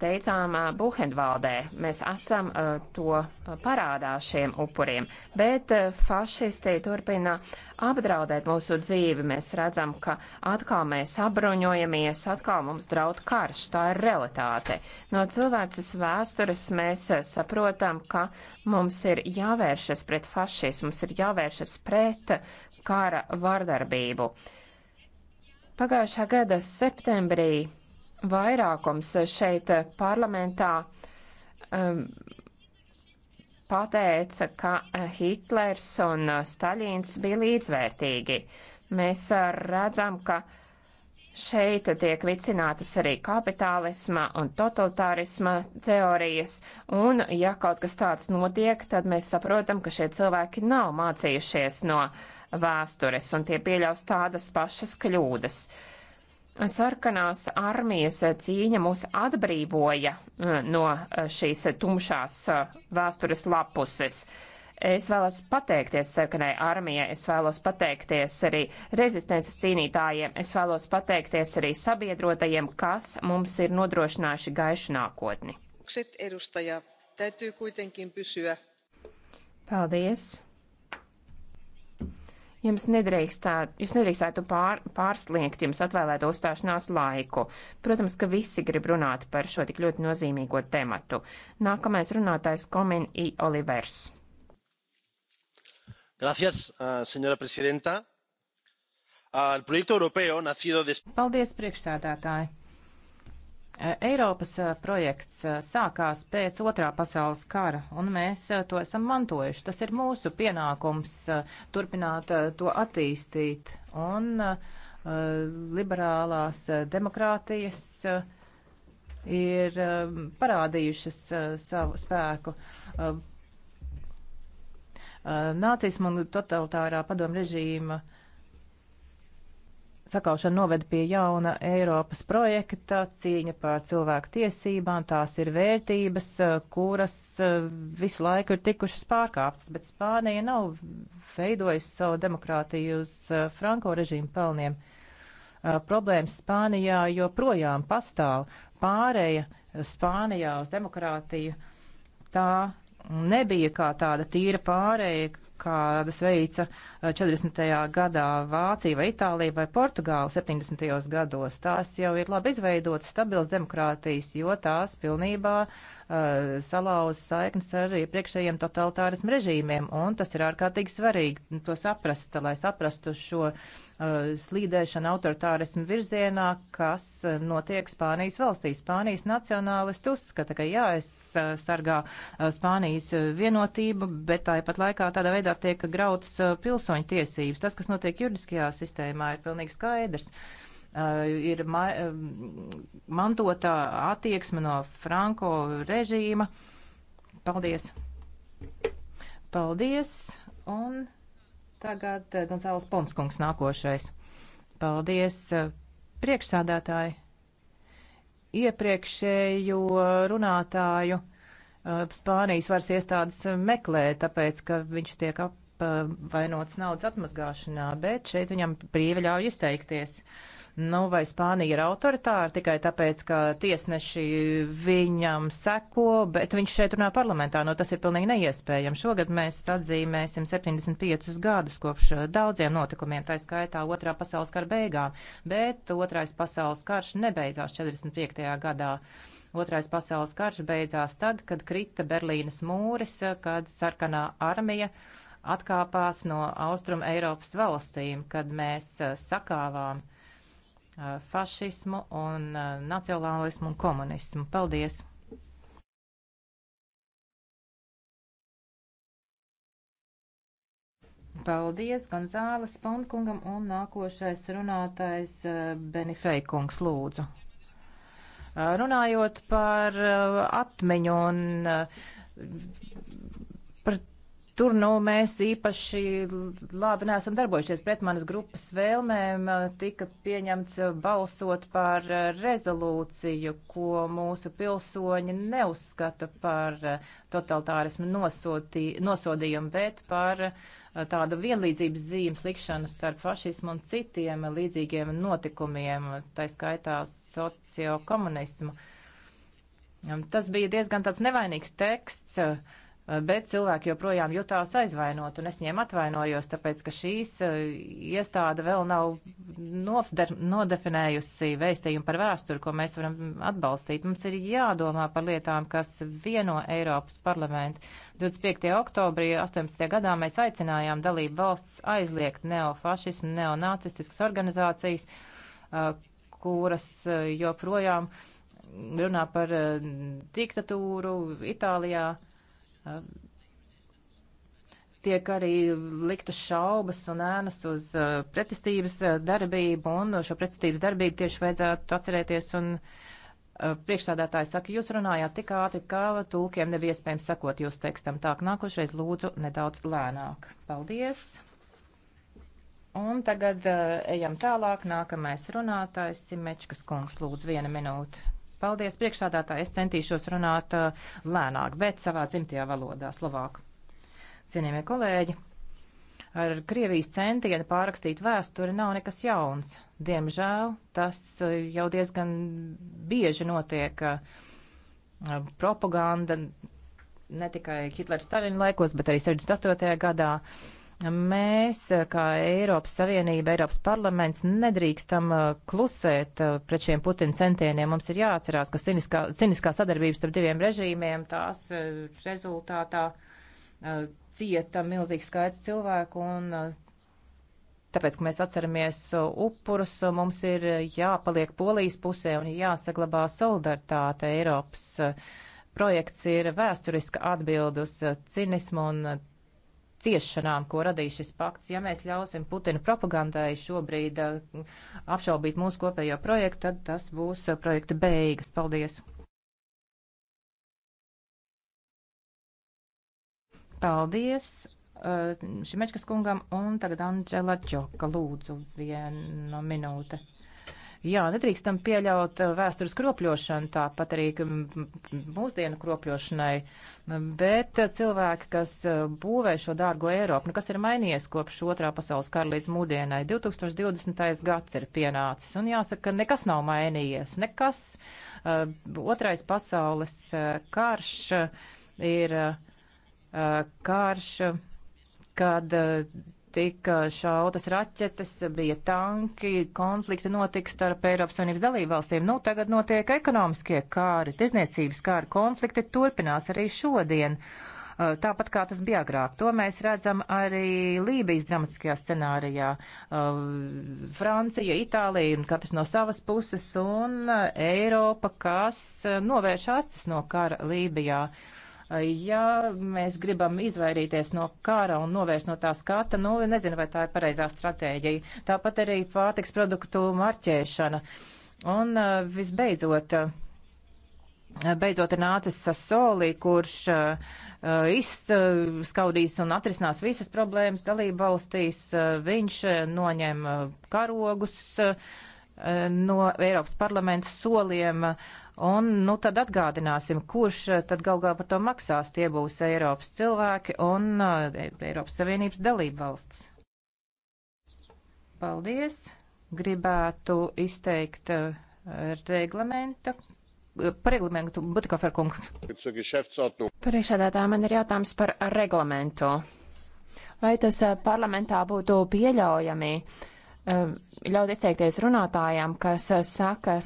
teicām Buhenvaldē. Mēs esam to parādā šiem upuriem. Bet fašisti turpina apdraudēt mūsu dzīvi. Mēs redzam, ka atkal mēs sabruņojamies, atkal mums draud karš. Tā ir realitāte. No cilvēces vēstures mēs saprotam, ka mums ir jāvēršas pret fašismu, mums ir jāvēršas pret kara vardarbību. Pagājušā gada septembrī vairākums šeit parlamentā um, pateica, ka Hitlers un Staļins bija līdzvērtīgi. Mēs uh, redzam, ka uh, Šeit tiek vicinātas arī kapitālisma un totalitārisma teorijas, un ja kaut kas tāds notiek, tad mēs saprotam, ka šie cilvēki nav mācījušies no vēstures, un tie pieļaus tādas pašas kļūdas. Sarkanās armijas cīņa mūs atbrīvoja eh, no eh, šīs tumšās eh, vēstures lapuses. Es vēlos pateikties sarkanai armijai, es vēlos pateikties arī rezistences cīnītājiem, es vēlos pateikties arī sabiedrotajiem, kas mums ir nodrošinājuši gaišu nākotni. Paldies! Jums nedrīkstāt, jūs nedrīkstētu pār, pārsliegt jums atvēlēto uzstāšanās laiku. Protams, ka visi grib runāt par šo tik ļoti nozīmīgo tematu. Nākamais runātājs Komin I. Olivers. Eh, señora presidenta. El proyecto europeo nacido de... Paldies, priekšsēdētāji. Eh, Eiropas eh, projekts sākās pēc otrā pasaules kara, un mēs to esam mantojuši. Tas ir mūsu pienākums turpināt to attīstīt, un liberālās demokrātijas ir parādījušas savu spēku Uh, nācismu un totalitārā padomu režīma sakaušana noveda pie jauna Eiropas projekta cīņa par cilvēku tiesībām. Tās ir vērtības, uh, kuras uh, visu laiku ir tikušas pārkāptas, bet Spānija nav veidojusi savu demokrātiju uz Franko režīmu pelniem. Problēmas Spānijā joprojām pastāv. Pārēja Spānijā uz demokrātiju tā nebija kā tāda tīra pārēja, kādas veica 40. Eh, gadā Vācija vai Itālija vai Portugāla 70. gados. Tās jau ir labi izveidotas, stabils demokrātijas, jo tās pilnībā Eh, salauz saiknes ar iepriekšējiem totalitārismu režīmiem, un tas ir ārkārtīgi svarīgi to saprast, lai saprastu šo eh, slīdēšanu autoritārismu virzienā, kas eh, notiek Spānijas valstī. Spānijas nacionālisti uzskata, ka jāaizsargā Spānijas vienotība, bet tāpat laikā tādā veidā tiek grautas pilsoņu tiesības. Tas, kas notiek juridiskajā sistēmā, ir pilnīgi skaidrs. Uh, Eh, ir ma mantotā attieksme no Franko režīma. Paldies! Paldies! Un tagad eh, Gonzāles Ponskungs nākošais. Paldies, eh, priekšsādātāji! Iepriekšējo runātāju Spānijas varas iestādes meklē, tāpēc, ka viņš tiek ap vainots naudas atmazgāšanā, bet šeit viņam brīvi ļauj izteikties. Nu, vai Spānija ir autoritāra tikai tāpēc, ka tiesneši viņam seko, bet viņš šeit runā parlamentā, nu tas ir pilnīgi neiespējami. Šogad mēs atzīmēsim 75 gadus kopš daudziem notikumiem, tā skaitā otrā pasaules kara beigām, bet otrais pasaules karš nebeidzās 45. gadā. Otrais pasaules karš beidzās tad, kad krita Berlīnas mūris, kad sarkanā armija uh, atkāpās no Austrum Eiropas valstīm, kad mēs eh, sakāvām eh, fašismu un eh, nacionālismu un komunismu. Paldies! Paldies Gonzāles Pankungam un nākošais runātājs Benifeikungs lūdzu. Runājot par atmiņu un par Tur nu, mēs īpaši labi neesam darbojušies pret manas grupas vēlmēm. Tika pieņemts balsot par rezolūciju, ko mūsu pilsoņi neuzskata par totalitārismu nosodī, nosodījumu, bet par uh, tādu vienlīdzības zīmes likšanu starp fašismu un citiem līdzīgiem notikumiem, tā skaitā sociokomunismu. Um, tas bija diezgan tāds nevainīgs teksts. Uh, Eh, bet cilvēki joprojām jutās aizvainot, un es viņiem atvainojos, tāpēc, ka šīs eh, iestāde vēl nav nofder, nodefinējusi vēstījumu par vēsturi, ko mēs varam atbalstīt. Mums ir jādomā par lietām, kas vieno Eiropas parlamentu. 25. oktobrī 18. gadā mēs aicinājām dalību valsts aizliegt neofašismu, neonacistiskas organizācijas, eh, kuras joprojām runā par diktatūru Itālijā tiek arī liktas šaubas un ēnas uz uh, pretestības uh, darbību, un šo pretestības darbību tieši vajadzētu atcerēties un uh, priekšsādātāji saka, jūs runājāt tik ātri, ka tulkiem nebija iespējams sakot jūsu tekstam. Tā, nākošais lūdzu nedaudz lēnāk. Paldies! Un tagad uh, ejam tālāk. Nākamais runātājs ir Mečkas kungs. Lūdzu, viena minūte. Paldies, priekšsādātā. Es centīšos runāt uh, lēnāk, bet savā dzimtajā valodā, slovāku. Cienījamie kolēģi, ar Krievijas centienu pārrakstīt vēsturi nav nekas jauns. Diemžēl tas uh, jau diezgan bieži notiek uh, propaganda ne tikai Hitlera Staļina laikos, bet arī 68. gadā. Uh, Mēs, kā Eiropas Savienība, Eiropas parlaments, nedrīkstam uh, klusēt uh, pret šiem Putina centieniem. Mums ir jāatcerās, ka ciniskā, ciniskā sadarbības starp diviem režīmiem tās uh, rezultātā cieta milzīgs skaits cilvēku un tāpēc, ka mēs atceramies upurus, mums ir jāpaliek polijas pusē un jāsaglabā solidaritāte Eiropas projekts ir vēsturiska atbildus cinismu un ciešanām, ko radīs šis pakts. Ja mēs ļausim Putina propagandai šobrīd eh, apšaubīt mūsu kopējo projektu, tad tas būs eh, projekta beigas. Paldies! Paldies eh, Šimečkas kungam un tagad Anģela Čoka lūdzu vienu minūte. Jā, nedrīkstam pieļaut uh, vēstures kropļošanu, tāpat arī mūsdienu kropļošanai, bet uh, cilvēki, kas uh, būvē šo dārgo Eiropu, nu kas ir mainījies kopš otrā pasaules kara līdz mūdienai, 2020. gads ir pienācis, un jāsaka, ka nekas nav mainījies, nekas. Otrais pasaules karš ir karš, kad tika šautas raķetes, bija tanki, konflikti notika starp Eiropas Savienības dalībvalstīm. Nu, tagad notiek ekonomiskie kāri, tirzniecības kāri, konflikti turpinās arī šodien. Uh, tāpat kā tas bija agrāk, to mēs redzam arī Lībijas dramatiskajā scenārijā. Uh, Francija, Itālija un katrs no savas puses un uh, Eiropa, kas novērš acis no kara Lībijā. Uh, Ja mēs gribam izvairīties no kara un novērst no tā skata, nu, nezinu, vai tā ir pareizā stratēģija. Tāpat arī pārtiks produktu marķēšana. Un uh, visbeidzot, uh, beidzot ir nācis Sasolī, kurš uh, uh, izskaudīs un atrisinās visas problēmas dalību valstīs. Uh, viņš noņem karogus uh, no Eiropas parlamenta soliem. Uh, Un, nu, tad atgādināsim, kurš eh, tad gal galā par to maksās. Tie būs Eiropas cilvēki un uh, Eiropas Savienības dalība valsts. Paldies! Gribētu izteikt uh, reglamenta par reglamentu, Butikofer kungs. Priekšādātā man ir jautājums par reglamentu. Vai tas parlamentā būtu pieļaujami, ļaut izteikties runātājām, kas eh, saka,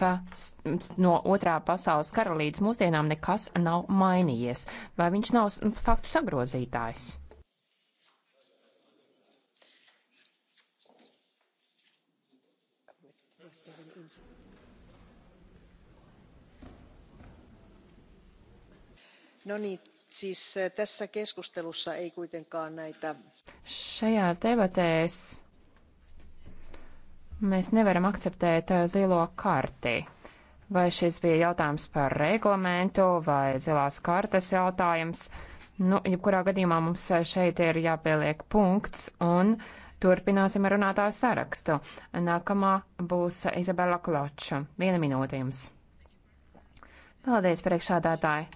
ka no otrā pasaules kara līdz mūsdienām nekas nav mainījies, vai viņš nav faktu sagrozītājs? No niin, siis eh, tässä keskustelussa ei kuitenkaan näitä... Šajās debatēs Mēs nevaram akceptēt eh, zilo karti. Vai šis bija jautājums par reglamentu vai zilās kartes jautājums? Nu, jebkurā gadījumā mums eh, šeit ir jāpieliek punkts un turpināsim ar runātāju sarakstu. Nākamā būs Izabela Kloča. Viena minūte jums. Paldies, priekšādātāji!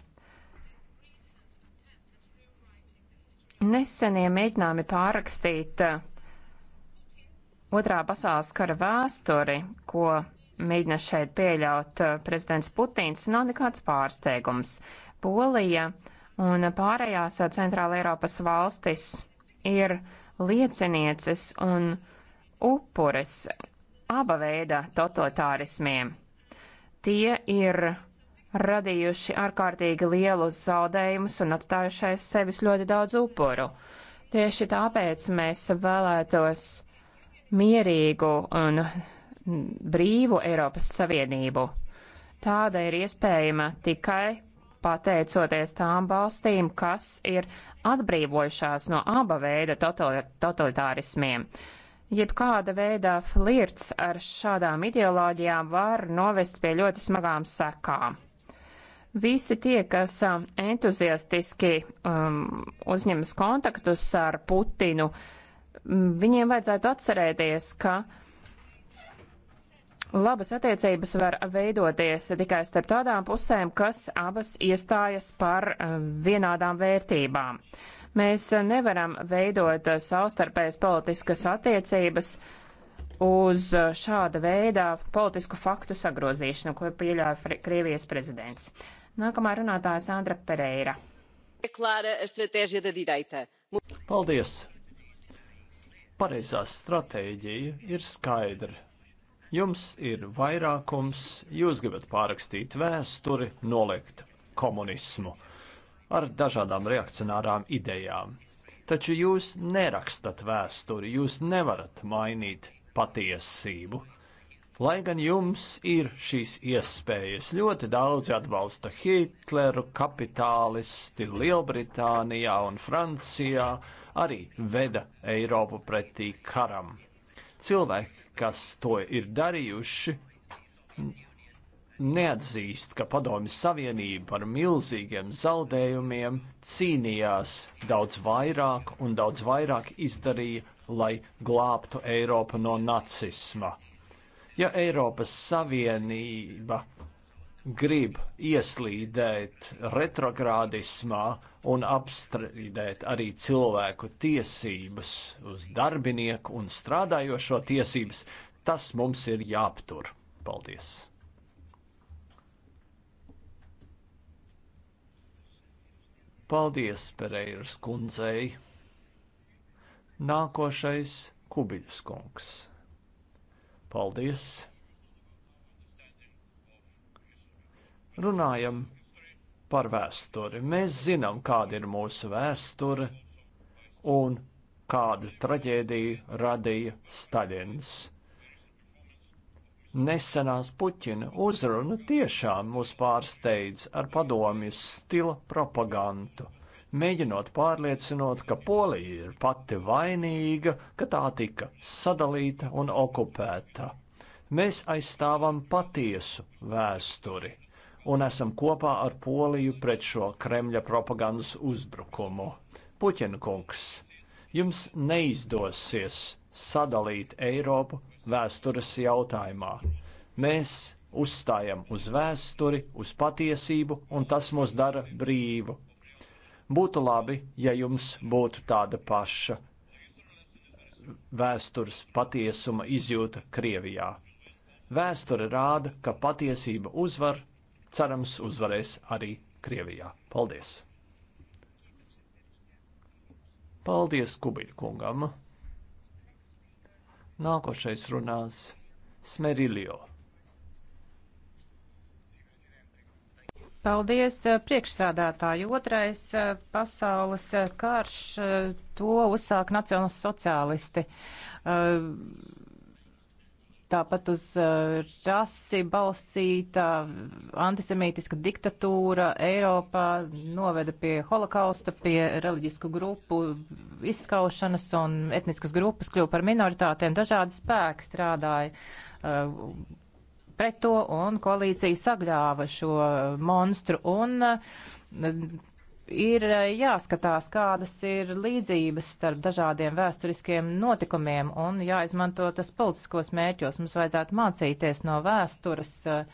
Nesenie mēģinājumi pārrakstīt uh, otrā pasaules kara vēsturi, ko mēģina šeit pieļaut eh, prezidents Putins, nav nekāds pārsteigums. Polija un pārējās eh, Centrāla Eiropas valstis ir liecinieces un upuris aba veida totalitārismiem. Tie ir radījuši ārkārtīgi lielus zaudējumus un atstājuši aiz sevis ļoti daudz upuru. Tieši tāpēc mēs vēlētos mierīgu un brīvu Eiropas Savienību. Tāda ir iespējama tikai pateicoties tām valstīm, kas ir atbrīvojušās no aba veida totalitārismiem. Jebkāda veida flirts ar šādām ideoloģijām var novest pie ļoti smagām sekām. Visi tie, kas um, entuziastiski um, uzņemas kontaktus ar Putinu, uh, Viņiem vajadzētu atcerēties, ka labas attiecības var veidoties tikai starp tādām pusēm, kas abas iestājas par eh, vienādām vērtībām. Mēs nevaram veidot savstarpējas politiskas attiecības uz šāda veida politisku faktu sagrozīšanu, ko pieļāva Krievijas prezidents. Nākamā runātāja Sandra Pereira. Paldies! pareizā stratēģija ir skaidra. Jums ir vairākums, jūs gribat pārrakstīt vēsturi, noliegt komunismu ar dažādām reakcionārām idejām. Taču jūs nerakstat vēsturi, jūs nevarat mainīt patiesību. Lai gan jums ir šīs iespējas, ļoti daudzi atbalsta Hitleru, kapitālisti Lielbritānijā un Francijā, arī veda Eiropu pretī karam. Cilvēki, kas to ir darījuši, neatzīst, ka Padomju Savienība ar milzīgiem zaudējumiem cīnījās daudz vairāk un daudz vairāk izdarīja, lai glābtu Eiropu no nacisma. Ja Eiropas Savienība grib ieslīdēt retrogrādismā, un apstrīdēt arī cilvēku tiesības uz darbinieku un strādājošo tiesības, tas mums ir jāaptur. Paldies! Paldies Pereiras kundzei! Nākošais Kubiļus kungs. Paldies! Runājam par vēsturi. Mēs zinām, kāda ir mūsu vēsture un kādu traģēdiju radīja Staļins. Nesenās Puķina uzruna tiešām mūs pārsteidz ar padomjas stila propagandu, mēģinot pārliecinot, ka Polija ir pati vainīga, ka tā tika sadalīta un okupēta. Mēs aizstāvam patiesu vēsturi, un esam kopā ar Poliju pret šo Kremļa propagandas uzbrukumu. Puķena kungs, jums neizdosies sadalīt Eiropu vēstures jautājumā. Mēs uzstājam uz vēsturi, uz patiesību, un tas mūs dara brīvu. Būtu labi, ja jums būtu tāda paša vēstures patiesuma izjūta Krievijā. Vēsture rāda, ka patiesība uzvar cerams uzvarēs arī Krievijā. Paldies! Paldies Kubiļa kungam! Nākošais runās Smerilio. Paldies, eh, priekšsādātāji. Otrais eh, pasaules eh, karš, to uzsāk nacionāls sociālisti tāpat uz eh, rasi balstīta antisemītiska diktatūra Eiropā noveda pie holokausta, pie reliģisku grupu izskaušanas un etniskas grupas kļuva par minoritātēm. Dažādi spēki strādāja uh, pret to un koalīcija sagļāva šo monstru un uh, ir eh, jāskatās, kādas ir līdzības starp dažādiem vēsturiskiem notikumiem un jāizmanto tas politiskos mērķos. Mums vajadzētu mācīties no vēstures, eh,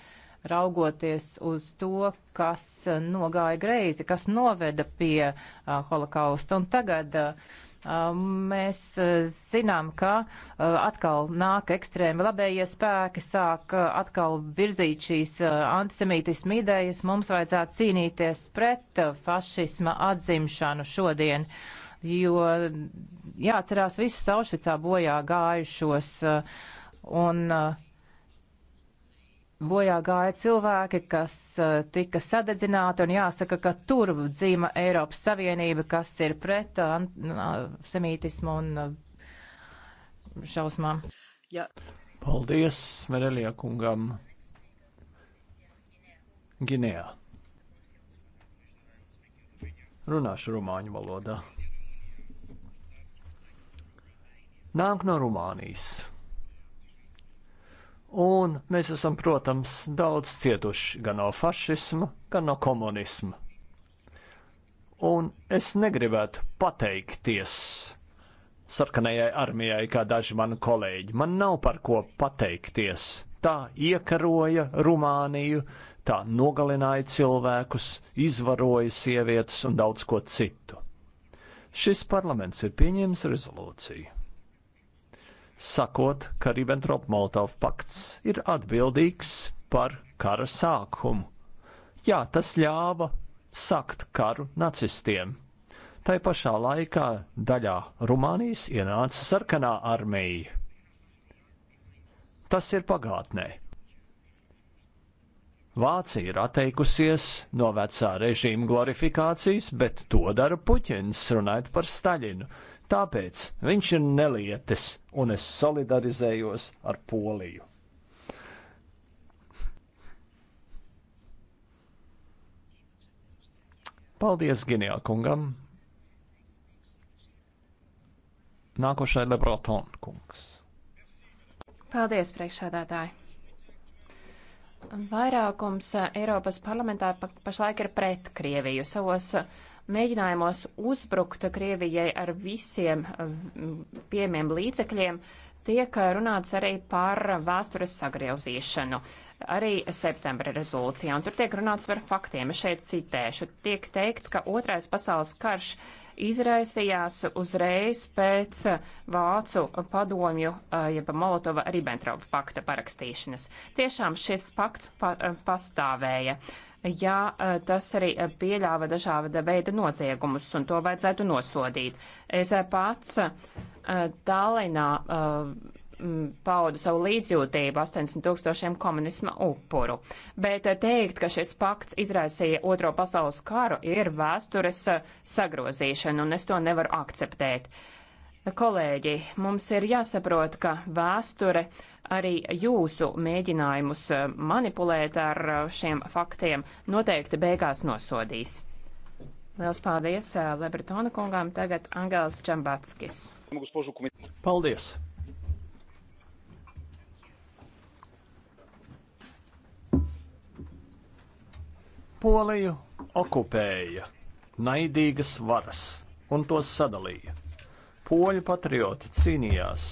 raugoties uz to, kas eh, nogāja greizi, kas noveda pie holokausta. Un tagad uh, Um, mēs uh, zinām, ka uh, atkal nāk ekstrēmi labējie spēki, sāk uh, atkal virzīt šīs antisemītismu idejas. Mums vajadzētu cīnīties pret fašisma atzimšanu šodien, jo jāatcerās visus Aušvicā bojā gājušos. Un uh, Bojā gāja cilvēki, kas uh, tika sadedzināti, un jāsaka, ka tur dzīva Eiropas Savienība, kas ir pret uh, antisemītismu uh, un šausmām. Jā. Paldies Smerelijā kungam Ginejā. Runāšu rumāņu valodā. Nāk no Rumānijas. Un mēs esam, protams, daudz cietuši gan no fašisma, gan no komunisma. Un es negribētu pateikties sarkanajai armijai, kā daži mani kolēģi. Man nav par ko pateikties. Tā iekaroja Rumāniju, tā nogalināja cilvēkus, izvaroja sievietes un daudz ko citu. Šis parlaments ir pieņēmis rezolūciju sakot, ka Ribbentrop-Molotov pakts ir atbildīgs par kara sākumu. Jā, tas ļāva sakt karu nacistiem. Tai pašā laikā daļā Rumānijas ienāca sarkanā armija. Tas ir pagātnē. Vācija ir atteikusies no vecā režīma glorifikācijas, bet to dara Puķins, runājot par Staļinu. Tāpēc viņš ir nelietis, un es solidarizējos ar Poliju. Paldies Ginijā kungam! Nākošai Lebroton kungs. Paldies, priekšsēdētāji! Vairākums Eiropas parlamentā pašlaik ir pret Krieviju. Savos mēģinājumos uzbrukt Krievijai ar visiem mm, piemiem līdzekļiem, tiek runāts arī par vēstures sagriezīšanu, arī septembra rezolūcijā, un tur tiek runāts par faktiem. Es šeit citēšu. Tiek teikts, ka otrais pasaules karš izraisījās uzreiz pēc Vācu padomju, jeb Molotova-Ribbentropa pakta parakstīšanas. Tiešām šis pakts pa pastāvēja. Uh, ja eh, tas arī eh, pieļāva dažāda veida noziegumus, un to vajadzētu nosodīt. Es eh, pats Tallinā paudu savu līdzjūtību 80 tūkstošiem komunisma upuru. Bet teikt, ka šis pakts izraisīja otro pasaules karu, ir vēstures sagrozīšana, un es to nevaru akceptēt. Kolēģi, mums ir jāsaprot, ka vēsture uh, arī jūsu mēģinājumus eh, manipulēt ar eh, šiem faktiem noteikti beigās nosodīs. Liels paldies eh, Lebretona kungām, tagad Angēls Čambatskis. Paldies! Poliju okupēja naidīgas varas un tos sadalīja. Poļu patrioti cīnījās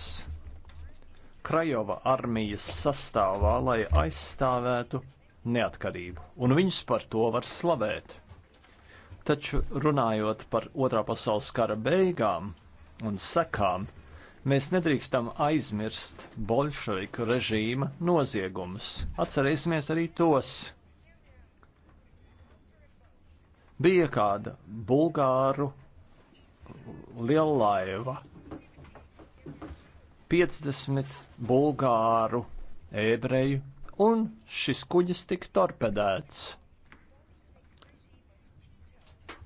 Krajova armijas sastāvā, lai aizstāvētu neatkarību, un viņus par to var slavēt. Taču runājot par Otrā pasaules kara beigām un sekām, mēs nedrīkstam aizmirst bolševiku režīma noziegumus. Atcerēsimies arī tos. Bija kāda bulgāru liela laiva, 50 bulgāru ebreju, un šis kuģis tika torpedēts.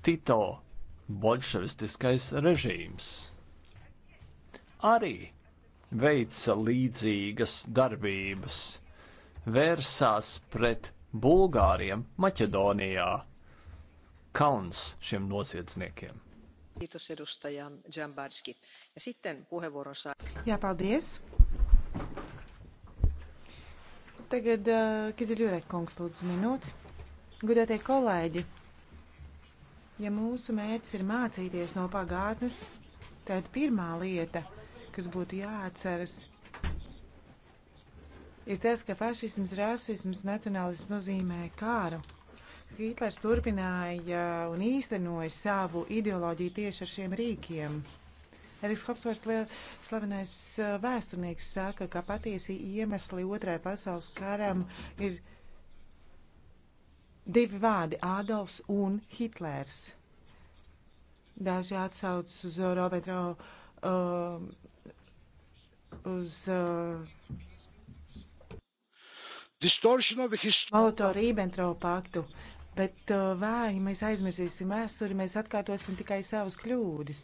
Tito bolševistiskais režīms arī veica līdzīgas darbības, vērsās pret Bulgāriem Maķedonijā. Kauns šiem noziedzniekiem! Jā, paldies. Tagad uh, Kiziļurēt kungs lūdzu minūti. Gudētie kolēģi, ja mūsu mērķis ir mācīties no pagātnes, tad pirmā lieta, kas būtu jāatceras, ir tas, ka fašisms, rasisms, nacionālisms nozīmē kāru. Hitlers turpināja un īstenoja savu ideoloģiju tieši ar šiem rīkiem. Eriks Hopsvārds, slavenais uh, vēsturnieks, saka, ka patiesi iemesli otrai pasaules karam ir divi vārdi - Ādolfs un Hitlers. Daži atsauc uz Roberto, uh, uz. Uh, Molotov-Ribbentrop paktu. Bet uh, vai mēs aizmirsīsim vēsturi, mēs atkārtosim tikai savas kļūdas.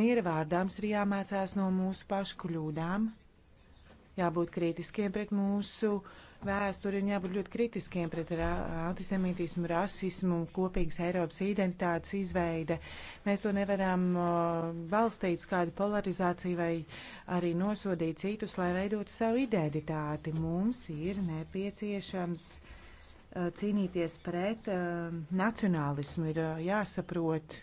Miera vārdāms ir jāmācās no mūsu pašu kļūdām, jābūt kritiskiem pret mūsu vēsturi un jābūt ļoti kritiskiem pret ra antisemītismu, rasismu, kopīgas Eiropas identitātes izveide. Mēs to nevaram uh, balstīt uz kādu polarizāciju vai arī nosodīt citus, lai veidotu savu identitāti. Mums ir nepieciešams uh, Eh, cīnīties pret eh, nacionālismu, ir eh, jāsaprot,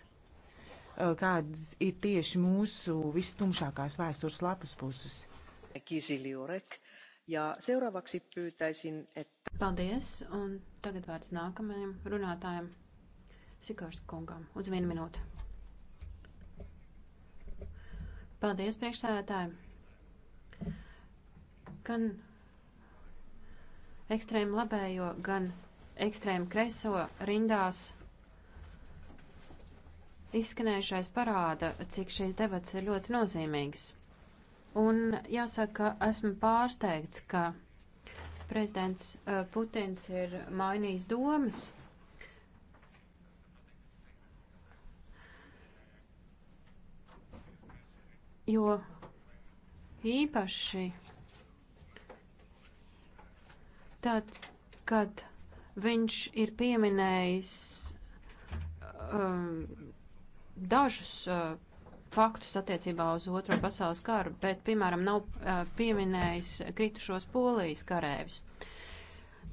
kādas ir tieši mūsu visstumšākās vēstures lapas puses. Paldies, un tagad vārds nākamajam runātājam, Sikors kungam, uz vienu minūtu. Paldies, priekšsēdētāji. Gan ekstrēmu labējo, gan ekstrēmu kreiso rindās. Izskanējušais parāda, cik šīs debats ir ļoti nozīmīgs. Un jāsaka, esmu pārsteigts, ka prezidents eh, Putins ir mainījis domas. Jo īpaši tad, kad viņš ir pieminējis um, dažus uh, faktus attiecībā uz otro pasaules karu, bet, piemēram, nav uh, pieminējis kritušos polijas karēvis.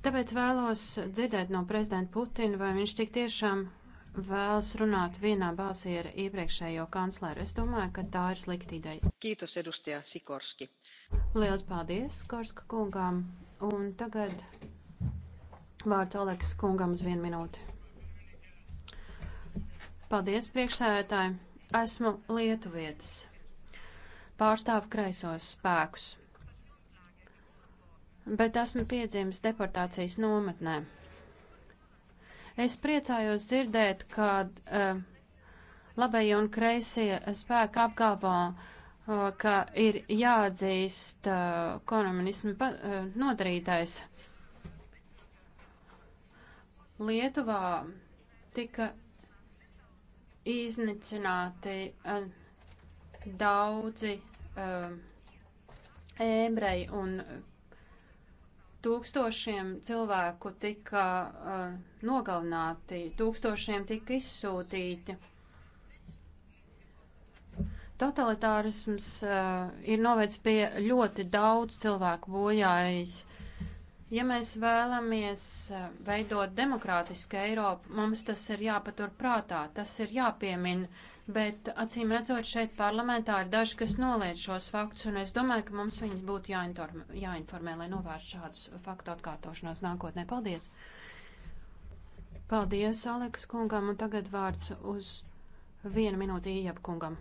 Tāpēc vēlos dzirdēt no prezidenta Putina, vai viņš tik tiešām vēlas runāt vienā balsī ar iepriekšējo kancleru. Es domāju, ka tā ir slikta ideja. Kītos, Edustijā Sikorski. Liels paldies, Korska kungām. Un tagad vārds Oleks kungam uz vienu minūti. Paldies, priekšsēdētāji. Esmu Lietuvietis. Pārstāvu kreisos spēkus. Bet esmu piedzimis deportācijas nometnē. Es priecājos dzirdēt, ka uh, eh, labējie un kreisie spēki apgāvā uh, ka ir jāatzīst komunismu nodarītais. Lietuvā tika iznīcināti daudzi ebreji un tūkstošiem cilvēku tika nogalināti, tūkstošiem tika izsūtīti. Totalitārisms uh, ir novedis pie ļoti daudz cilvēku bojājas. Ja mēs vēlamies uh, veidot demokrātisku Eiropu, mums tas ir jāpatur prātā, tas ir jāpiemina, bet acīm redzot šeit parlamentā ir daži, kas noliedz šos faktus, un es domāju, ka mums viņus būtu jāinformē, jāinformē lai novērst šādus faktu atkārtošanos nākotnē. Paldies! Paldies, Aleks kungam, un tagad vārds uz vienu minūti Ijab kungam.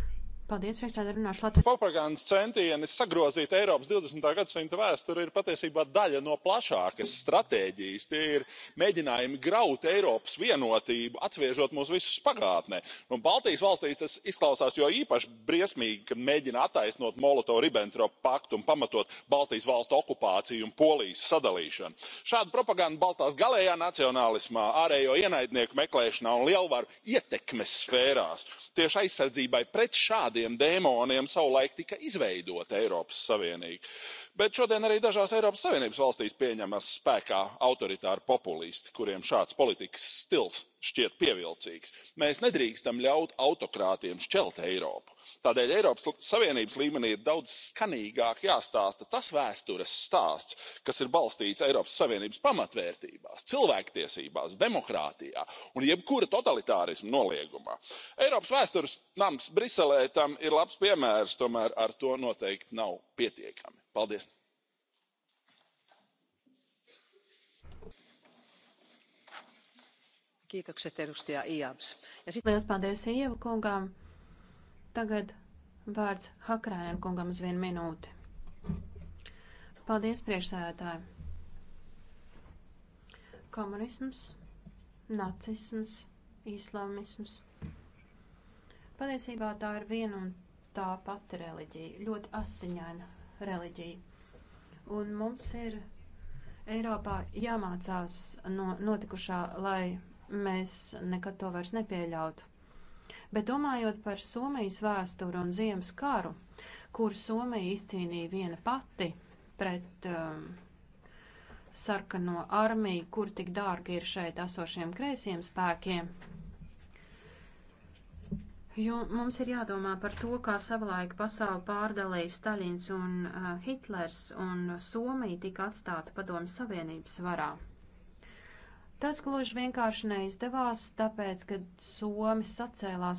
Paldies, priekšstādā runāšu Latvijas. Propagandas centieni sagrozīt Eiropas 20. gadsimta vēsturi ir patiesībā daļa no plašākas stratēģijas. Tie ir mēģinājumi graut Eiropas vienotību, atsviežot mūs visus pagātnē. Un nu, Baltijas valstīs tas izklausās jo īpaši briesmīgi, kad mēģina attaisnot Molotovu-Ribbentropu paktu un pamatot Baltijas valstu okupāciju un Polijas sadalīšanu. Šāda propaganda balstās galējā nacionālismā, ārējo ienaidnieku meklēšanā un lielvaru ietekmes sfērās. Tieši aizsardzībai pret šādiem šādiem dēmoniem savulaik tika izveidota eiropas savienība bet šodien arī dažās eiropas savienības valstīs pieņemas spēkā autoritāri populisti kuriem šāds politikas stils šķiet pievilcīgs. mēs nedrīkstam ļaut autokrātiem šķelt eiropu tādēļ eiropas savienības līmenī ir daudz skanīgāk jāstāsta tas vēstures stāsts kas ir balstīts eiropas savienības pamatvērtībās cilvēktiesībās demokrātijā un jebkura totalitārisma noliegumā. eiropas vēstures nams briselē tam ir labs piemērs tomēr ar to noteikti nav pietiekami paldies! Liels paldies Ieva kungām. Tagad vārds Hakrēnen kungam uz vienu minūti. Paldies, priekšsēdētāji. Komunisms, nacisms, islamisms. Patiesībā tā ir viena un tā pati reliģija, ļoti asiņaina reliģiju. Un mums ir Eiropā jāmācās no notikušā, lai mēs nekad to vairs nepieļautu. Bet domājot par Somijas vēsturi un ziemas karu, kur Somija izcīnīja viena pati pret um, sarkano armiju, kur tik dārgi ir šeit esošiem kreisiem spēkiem, Jo mums ir jādomā par to, kā savulaik pasauli pārdalīja Staļins un uh, Hitlers, un Somija tika atstāta padomu savienības varā. Tas gluži vienkārši neizdevās, tāpēc, kad Somi sacēlās